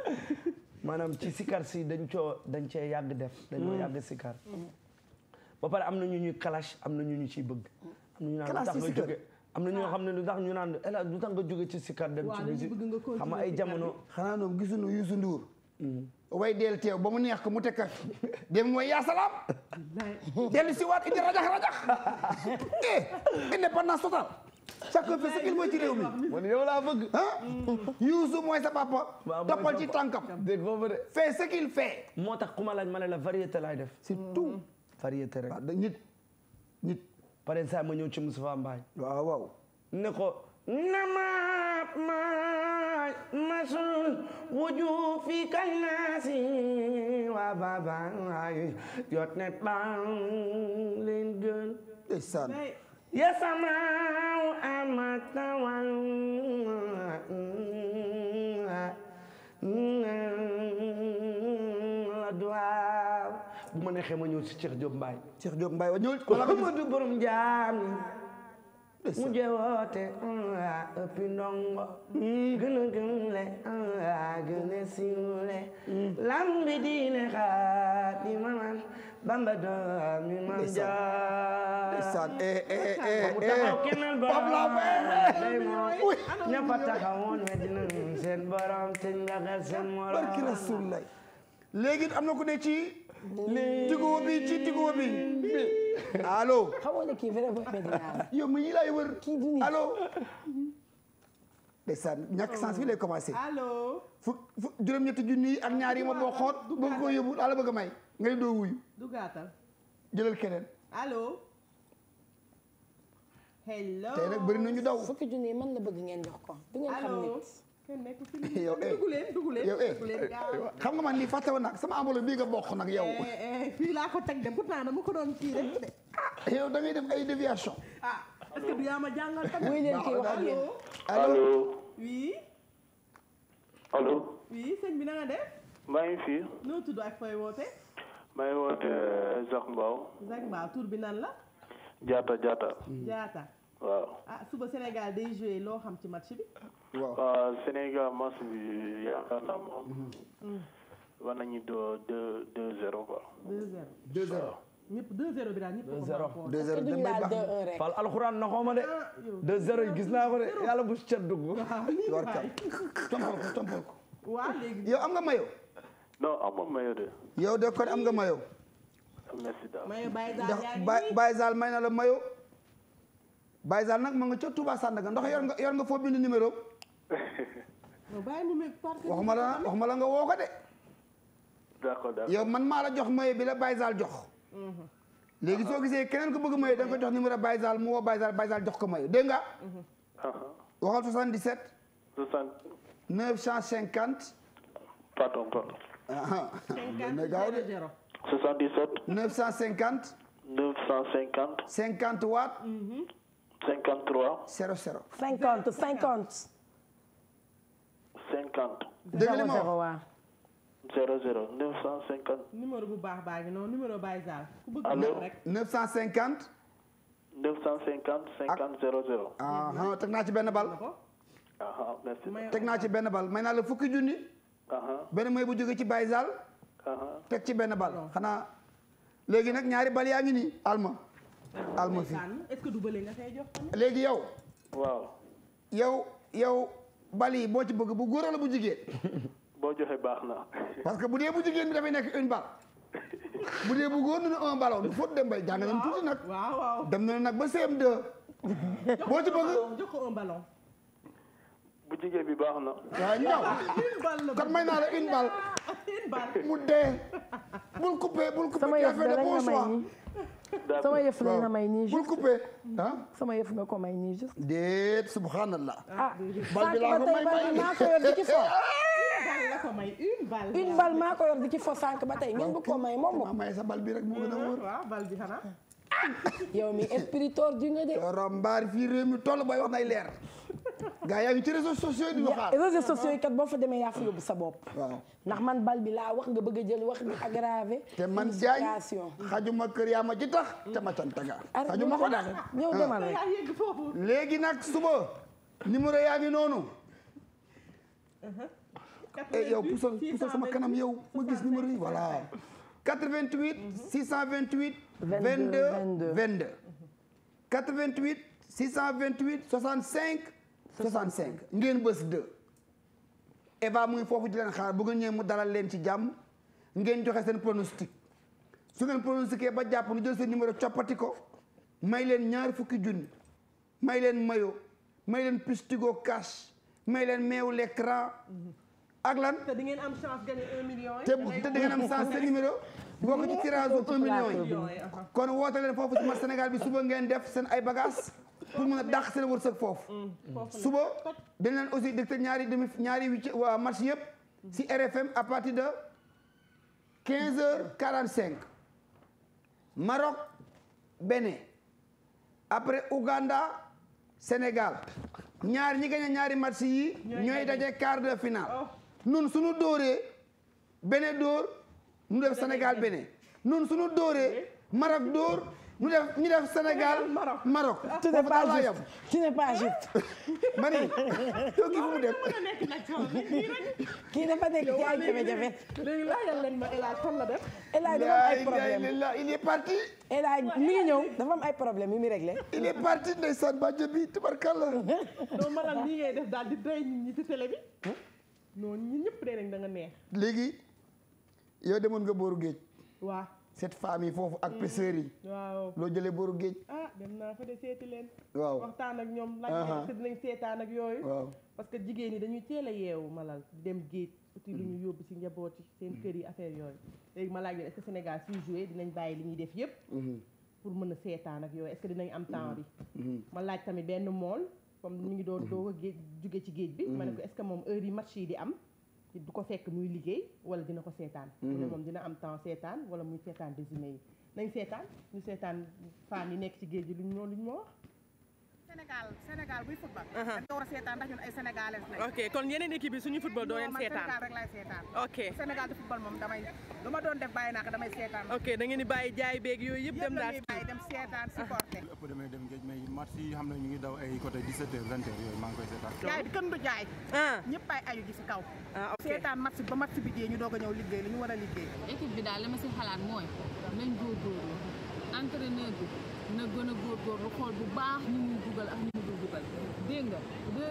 maanaam ci sikar si dañ coo dañ cee yàgg def dañoo mm. yàgg sikar ba pare am na ñu ñuy clash am na ñu ñu ciy bëgg am na ñu naan lu am na ñoo ah. xam ne lu tax ñu naan ela eh lu tax nga jóge ci sikar dem ci musique xam nga ay jamono xanaa noonu gisuñu Youssou Ndour mm. way deel teew ba mu neex ko mu tekka dem way yaa salaam *laughs* dellu si waat *laughs* chacun fait ce qu'il ci réew mi. man yow laa bëgg. ah Youssou mooy sa papa. toppal ci tànkam. dégg foofu de. fait ce qu'il moo tax kuma laaj ma ne la variété laay def. si mm-hmm. variété rek nit nit. par exemple ma ñëw ci Moustapha Mbaye. waaw ne ko. nama ma masul wuju fi kalnasi wa baba ay jot ban leen gën. يسمع أمة والدعاء bu ma neexee ma ñëw si Cheikh Diop Mbaye. Cheikh Diop Mbaye wa ñëw Amadou borom jaam mu jëwoote ah, ëpp ndongo mm. gën a gën le ah, gën a siiw le mm. lam bi diine xaat di manan Bamba doomi Maam Jaara ndeysaan eh eh eh eh ña fa taxawoon dina seen borom te ñagal seen morom barki Rasulullah léegi am na ku ne ci tigo bi ci tigo bi allo xamoo ne kii vraiment yow mi yi lay wër allo de ndeysaan ñàkk oh. sens bi lay commencé. allo. fu fu juróom-ñetti junni ak ñaar yi ma boo xoot. bëgg koo yóbbu bëgg a may. ngay doo wuyu. du jëlal keneen. allo. hello tey nag bëri na ñu daw. fukki junni yi man la bëgg ngeen jox ko. du ngeen xam nit. kenn nekkul xam nga man nii fàtte woon nag sama enveloppe bii nga bokk nag yow. Eh, eh, fii laa ko teg de pourtant dama ko doon kii rek de. yow da def ay déviation. Ah. est-ce que du yaa ma jàngal tamit. muy leen kii wax ak yéen allo oui. allo. oui sëñ bi na def. maa ngi fi. noo tudd ak fooy woote. maa ngi woote Zac euh, Mbao. Zac Mbao bi nan la. Diatta Diatta. Hmm. Diatta. waaw. ah suba Sénégal day joué loo xam ci match bi. waaw ah, Sénégal match bi yaakaar naa moom. Hmm. Hmm. war nañu doo deux deux deux zéro deux zéro. ñëpp 2-0 bi daal de. Ah, gis naa ko de yàlla bu cet dugg. Ah, war ka tompol ko tompol ko. waa léegi yow am nga mayo. non amul mayo de. yow de kon nga mayo. merci daal na ma nga ca Touba Sandaga ndox yor nga yor nga foo bind numéro. *laughs* waxuma nga woo ko de. yow man maa la jox mayo bi la Baye Zal jox. léegi soo gisee keneen ko bëgg maye da nga ko jox numéro Baye moo mu woo Baye Sall Baye Sall jox ko maye dégg nga. Uh-huh. waxal 77. 77. 950. pardon pardon. 50 00 77. 950. 950. 50 waat. 53. 00. 50 50. 50. dégg nga li ma wax. zero zero neuf cent cinquante. numéro bu baax baa ngi noonu numéro Baye Zall. ku bëgg allo rek 950. 950 50 00. teg naa ci benn bal. ah teg naa ci benn bal may naa la fukki junni. benn may bu jóge ci Baye Zall. teg ci benn bal xanaa léegi nag ñaari bal yaa ngi nii alma. alma fi léegi yow. waaw. yow bal yi boo ci bëgg bu góor bu jigéen. *laughs* boo joxe baax na. parce que bu dee bu jigéen bi dafay nekk une balle *laughs* bu dee bu góor ñu ne un ballon du faut dem bay jàng nañ tuuti nag. waaw waaw dem na nag ba CM2. boo ci bëgg jox ko un ballon. bu jigéen bi baax na. waaw ñaw *laughs* kon may naa la une balle. *laughs* une balle mu dee. bul coupé bul coupé. sama yëf la nga may nii sama yëf la nga may nii. bul coupé ah. sama yëf nga ko may nii juste. déet subhanallah. ah bal bi laa ko may may bal la ko may une balle. une yor di ci fo sànq ba tey ngeen bëgg ko may moom moom. may sa bal bi rek moo gën a wóor. waaw yow mi espiritor ji nga de. rombaar fii réew mi toll booy wax nay leer. gaa yaa ngi ci réseaux sociaux yi di waxaat. réseaux sociaux yi kat boo fa demee yaa fa sa bopp. ndax man bal bi laa wax nga bëgg a jël wax nga aggravé. te man jaañ xajuma kër yaa ma ci tax. te ma sant ga. xajuma ko daal *laughs* léegi nag suba numéro yaa ngi noonu. Uh-huh. et eh, yow puusal puusal sama kanam yow ma gis numéro yi voilà. 88 628. 22 22 22. 88 628 65. 65 ngeen bës 2. Eva mu ngi foofu di leen xaar bu ngeen ñëwee mu dalal leen ci jàmm ngeen joxe seen pronostic su ngeen pronostiqué ba jàpp nu jël seen numéro coppati ko may leen ñaar fukki junni may leen mayo may leen pistigo cash may leen meew l'écran ak lan te di ngeen am chance te di ngeen am chance seen numéro. bokk ci tirage 1 million yi. Uh-huh. kon woote leen foofu ci marché Sénégal bi suba ngeen def seen ay bagages pour mën a dàq seen wërsëg foofu. Mm, suba dañ leen aussi dégtal ñaari demi ñaari huit waa match yëpp. si RFM à partir de 15h45. Maroc Bénin après Ouganda Sénégal ñaar ñi gagné ñaari match yi ñooy daje quart de finale. Oh. nun suñu dooree bene dóor nu def Sénégal bene nun suñu dóoree Maroc dóor ñu def ñu def Sénégal Maroc Maroc. Ah. tu n'es pas juste tu n'es pas juste. mani yow kii fu mu def. *laughs* kii dafa nekk ci ay jafe-jafe. léegi laajal leen ma El Hadj fan la def. El Hadj dafa am ay il est parti. El mi ngi ñëw dafa am ay problème yu muy réglé. il est parti ndeysaan ba jëbi tubarkalla. donc *laughs* def daal di doy nit non ñun ñëpp dee danga neex. léegi yow demoon nga booru géej. waa cette femme yi foofu ak mm-hmm. pêcheurs yi. waaw loo jëlee booru géej. ah dem naa fa de seeti leen. waaw waxtaan ak ñoom. laaj leen ak yooyu. parce que jigéen yi dañuy teel a yeewu malal dem géej. uti lu ñu mm-hmm. yóbbu si njaboot yi seen kër yi mm-hmm. affaire yooyu. léegi ma laaj leen est-ce Sénégal suy joué dinañ bàyyi li ñuy def yëpp. pour mën a seetaan ak yooyu est-ce que dinañ am temps bi. ma laaj tamit benn mool. comme mi ngi doon doog a géej jóge ci géej bi ma ne ko est-ce que moom heure yi match yi di am du ko fekk muy liggéey wala dina ko seetaan mm-hmm. mu ne moom dina am temps seetaan wala muy seetaan résumé yi nañ seetaan ñu seetaan femme yi nekk ci géej gi luñ moo luñ moo wax Sénégal Sénégal buy football. Uh-huh. dañ ko war a seetaan ndax ñun ay sénégalais lañ. ok kon yeneen équipe yi suñu football doo leen seetaan Sénégal ok Sénégal di football moom damay lu doon def bàyyi naa ko damay seetaan. ok da ngeen bàyyi jaay beeg yooyu yëpp dem daal. yëpp la ñuy bàyyi dem seetaan ah. supporté. ëpp damay dem géej ñu ngi daw ay côté 17h 20h yooyu maa ngi koy seetaan. jaay bi kenn du jaay. Ah. ñëpp ay ayu ji si kaw. ah ok seetaan match ba match bi dee ñu doog a ñëw liggéey li war a liggéey. équipe bi daal li ma na gën góor góorgóorlu xool bu baax ñu muy dugal ak ñu mu dul dugal dégg nga de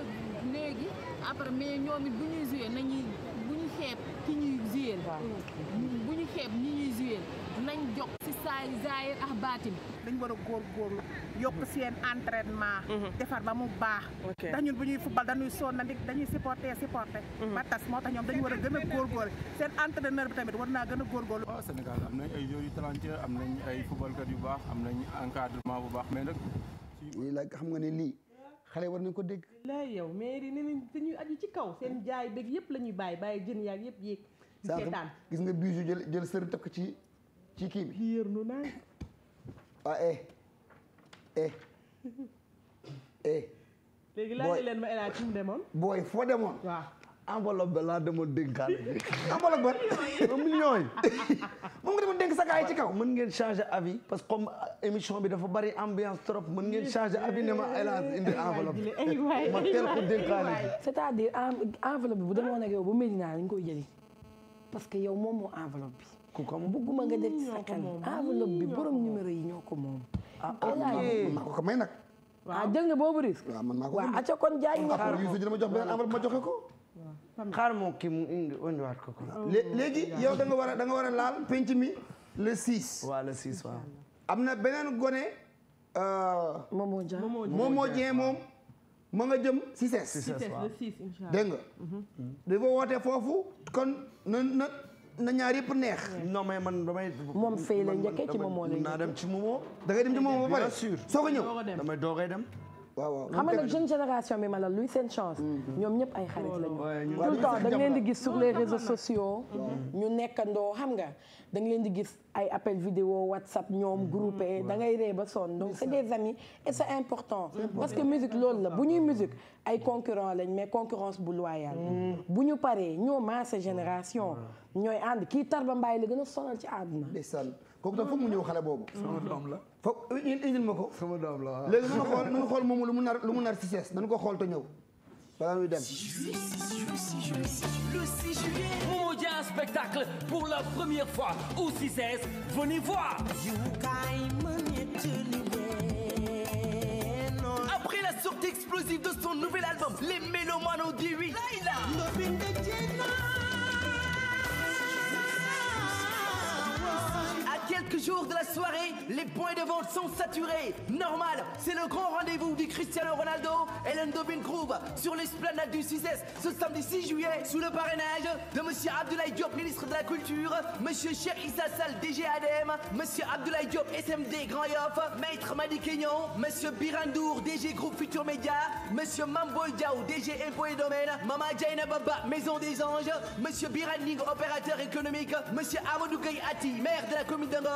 léegi après mais ñoom it bu ñuy joué nañuy bu ñu xeeb ki ñuy joué bu ñu xeeb ñi ñuy joué nañ jóg si saay zaayir ak baatin dañ war a góorgóorlu yokk seen entraînement mhm. defar ba mu baax ndax ñun bu ñuy football dañuy sonn na ndik dañuy supporter supporter mhm. ba tas moo tax ñoom dañu war a gën a góorgóorlu seen entraîneur bi tamit war naa gën a góorgóorlu waaw Sénégal am nañ ay joueurs yu am nañ ay footballkat yu baax am nañ encadrement bu baax mais nag lii la xam nga ne lii xale war nañ ko dégg la yow mais ni ni dañuy aju ci kaw seen jaay beeg yëpp la ñuy bàyyi bàyyi jën yaag yëpp yéeg gis nga biisu jël jël sër takk ci ci kii bi kii yërnu naa ah eh eh eh. léegi laaj leen ma El booy foo demoon. waaw enveloppe ba laa demoon dénkaan. enveloppe ba million yi. *laughs* moom nga demoon dénk sa gaay ci kaw. mën ngeen changer vi parce que comme émission bi dafa bari ambiance trop mën ngeen changer avis ne ma El Hadj indi enveloppe. ma teel ko enveloppe bu demoon ak yow ba Medina dañ koy jëli parce que yow moom moo enveloppe bi. ku ko moom bugguma nga def ci sa kan enveloppe bi borom numéro yi ñoo ko moom. ah ok maa ah, ah, ah. ko ko may nag. waaw jël nga boobu risque. man maa ko waaw acca kon jaay nga. xaar Youssou dina ma jox ko. xaar moom ko ko. Oh. léegi yow da nga war a da nga war a laal penc mi le 6. waaw le 6 am na beneen gone. Momo euh, moo Momo Dieng moom. ma nga jëm si ses. si ses waaw dégg nga. Mhm. foofu kon na. na ñaar yëpp neex. non mais man damay. moom fay la njëkkee ci moom moo lay. naa dem ci moomoo. da ngay dem ci moomoo ba pare. bien soo ko ñëw damay doogay dem. waaw waaw xam nga nag génération bi ma la luy seen chance. Hmm. ñoom ñëpp ay xarit lañu. tout le temps da nga leen di gis sur les réseaux sociaux. Hmm. ñu nekkandoo xam nga da nga leen di gis ay appel vidéo WhatsApp ñoom hmm. groupé da ngay ree ba sonn donc c'est des amis et c'est important. parce que musique loolu la bu ñuy musique ay concurrent lañ mais concurrence bu loyale. bu ñu paree ñoo maase génération. ñooy ànd kii Tarba Mbaye la gën a sonal ci àdduna. kooku tam mu ñëw xale boobu. la ko. sama doom la waaw léegi nu mu xool xool moomu lu mu nar lu mu nar si ko xool te ñëw balaa muy dem. après la sortie explosive de son nouvel album les mélomanes ont dit oui. chaque jour de la soirée, les points de vente sont saturés. Normal, c'est le grand rendez-vous du Cristiano Ronaldo et l'Endobin Groove sur l'esplanade du 6 ce samedi juillet sous le parrainage de Monsieur Abdoulaye Diop, ministre de la Culture, Monsieur Cheikh Issa DG ADM, Monsieur Abdoulaye Diop, SMD Grand Yoff, Maître Madi Kenyon, Monsieur Birandour, DG Groupe Futur Média, Monsieur Mamboy Diaw, DG Impôts et Domaines, Jaina Baba, Maison des Anges, Monsieur Biran opérateur économique, Monsieur Amadou Gueye Ati, maire de la commune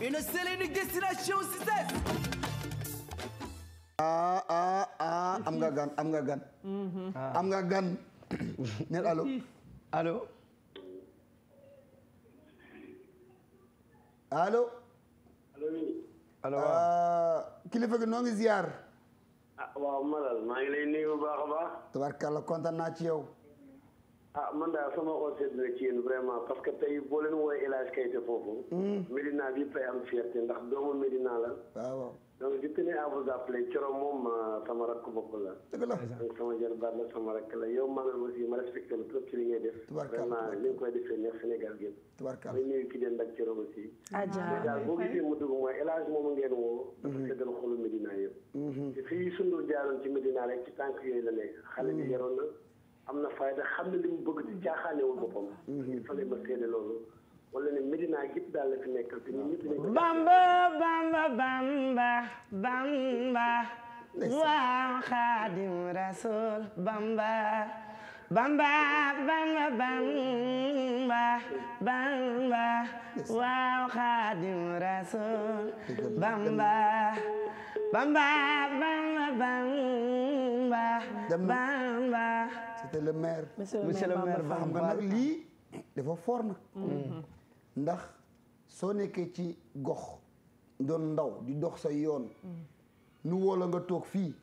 et le seul et unique destination success. ah ah ah am nga gan am nga gan. am nga gan. ne allo allo. allo. allo. Ah, kilifa gi noo ngi ziar. ah waaw Malal maa ngi lay nuyu bu baax a baax. tabarkalla kontaan naa ci yow. ah man daal sama xol sedd na ci yéen vraiment parce que tey boo leen woowee El Hadj Keita foofu. Medina hmm. bi pay am fierté ndax doomu Medina la. waaw donc je tenais à vous appeler Coro moom ah, sama rakk bopp la. dëgg la donc sama jarbaat la sama rakk la yow maa ngi aussi ma respecté la trop ci li ngay def. tubarkalla vraiment li nga koy defee neex Sénégal gépp. tubarkalla ñu nuyu ki den ak Coro aussi. ajaa ah, daal boo gisee ngeen woo. Hmm. dafa seddal xolu Medina yëpp. Hmm. te fii sunu jaaroon ci Medina rek ci tànk yooyu la nekk xale bi yaroon na. am na fayda xam ne li mu bëgg di jaaxaanewul boppam. il fallait ma seede loolu. wala ne Medina gépp daal la fi nekkal te ñun ñëpp dañu. Bamba Bamba Bamba Bamba. waaw Xaadim Rasul Bamba. Bamba Bamba Bamba Bamba. waaw Xaadim Rasul Bamba. Bamba Bamba Bamba Bamba. c'était le maire. monsieur le maire xam nga nag lii dafa foor na. Mm-hmm. ndax soo nekkee ci gox doon ndaw di dox sa yoon. Mm-hmm. nu woo nga toog fii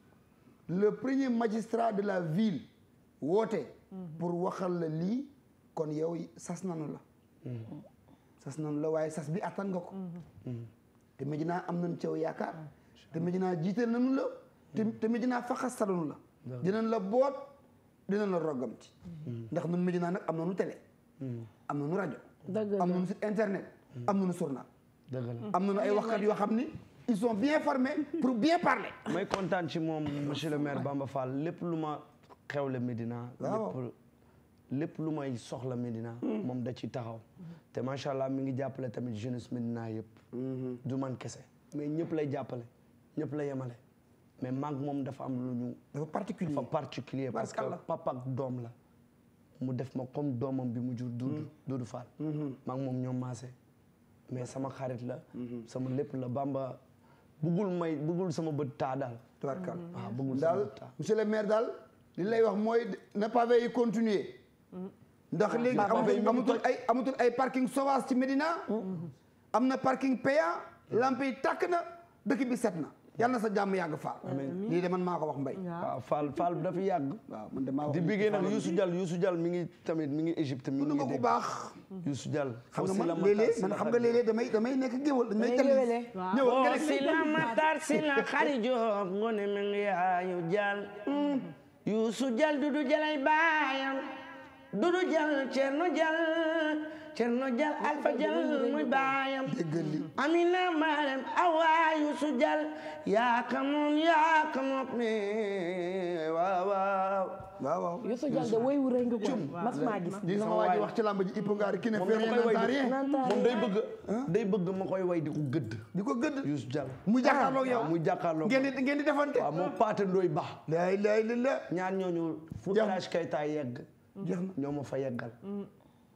le premier magistrat de la ville woote. Mm-hmm. pour waxal la lii kon yow sas nanu la. sas nanu la waaye sas bi attan nga ko. te Médina am nañu ceew yaakaar. te Médina jiite nanu la. te Médina faxas salanu la. dinañ la boot. dina la rogamti mm. ndax nun Médina nag am nañu télé mm. am nañu rajo am nañu site internet mm. am nañu journal am nañu ay waxkat yoo xam ni ils sont bien formés pour bien parler may kontaan ci moom *laughs* monsieur le maire Bamba Fall lépp lu ma xewle Médina lépp lépp lu may soxla Médina moom da ci taxaw te macha allah mi ngi jàppale tamit jeunesse Médina yëpp mm-hmm. du man kese mais ñëpp lay jàppale ñëpp la yemale mais maag moom dafa am lu ñu. dafa particulier dafa particulier parce que papa doom la. mu def ma comme doomam bi mu jur. Doudou mm-hmm. Doudou Fall. Mm-hmm. maag moom ñoom maase. mais sama xarit la. Mm-hmm. sama lépp la bamba bëggul may bëggul sama bët taa daal. tubarkal waaw bëggul sama monsieur le maire daal li lay wax mooy na pavé yi continuer. ndax léegi amatul ay amatul ay parking sauvage ci Médina. am na parking payant. lampe yi tàkk na dëkk bi set na. yal na sa jàmm yàgg Fall. lii de man maa ko wax Mbaye. waaw Fall Fall dafa yàgg. waaw man de maa ko di bëggee nag Youssou Diall Youssou Diall mi ngi tamit mi ngi Égypte mi ngi. dégg baax. Youssou Diall. xam nga man léeg-léeg man xam nga léeg-léeg damay damay nekk géwal damay tëlli. ñëwal keneen si la Matar si la xarijo ngone mi ngi ayu Diall. Mm. Youssou Diall baayam. dudu jal cerno jal cerno jal alfa jal muy baayam amina maram awaayu su jal yaaka moom yaaka moom ne waaw waaw waaw di sama waa wax ci làmb ji ipp ngaari ki ne fere moom day bëgg day bëgg ma koy way di ko gëdd di ko gëdd Youssou Diall muy jàkkaarloog yow ah, muy jàkkaarloog ngeen di ngeen di defante waaw moom ndooy baax laay laay la la ñaar ñooñu fu Elaj Keita yegg jox ma ñoo ma fa yeggal.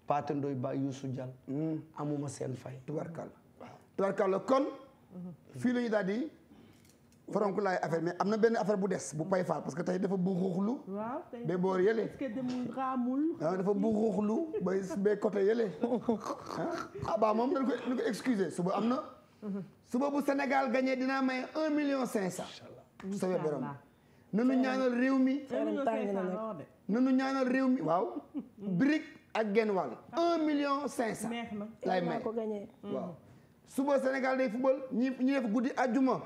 Paate Ndoy ba Yuusu Jal amuma seen fay. tubarkalla waaw tubarkalla kon. fii la ñu daal di faranku laay affaire mais am na benn affaire bu des bu pay faal parce que tey dafa buuxuuxlu. waaw tey ba boor yële. est-ce que demul raamul. Ah, dafa *laughs* côté yële. ah ba moom dañ ko dañ ko excuser suba am na. suba bu Sénégal gagné dinaa may un million cinq cent. incha allah bu soobee borom. nanu ñaanal réew mi. nunu ñaanal réew mi waaw brique ak genn wàll un million cinq cent lay may suba Sénégal day football ñi ñi def guddi ajjuma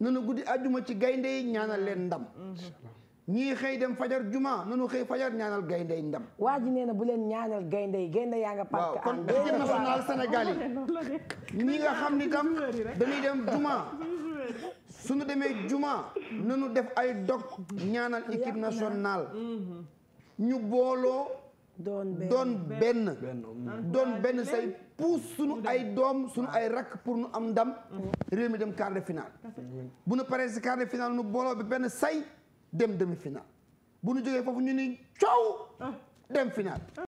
nanu guddi ajjuma ci gaynde yi ñaanal leen ndam ñii xëy dem fajar juma nanu xëy fajar ñaanal gaynde ndam. waa ji nee na bu leen ñaanal gaynde yi gaynde yaa nga. parce que kon équipe Sénégal yi *laughs* ñi nga xam ni tam dañuy dem juma. suñu demee juma nañu def ay dog ñaanal équipe nationale mhm. ñu booloo doon benn doon benn mm. say puus suñu ay doom suñu ay rakk pour nu am ndam mhm. réew mi dem quart de mhm. bu nu paree si quart de nu booloo bi benn say dem demi finale bu nu jógee foofu ñu ni coow ah. dem finale ah.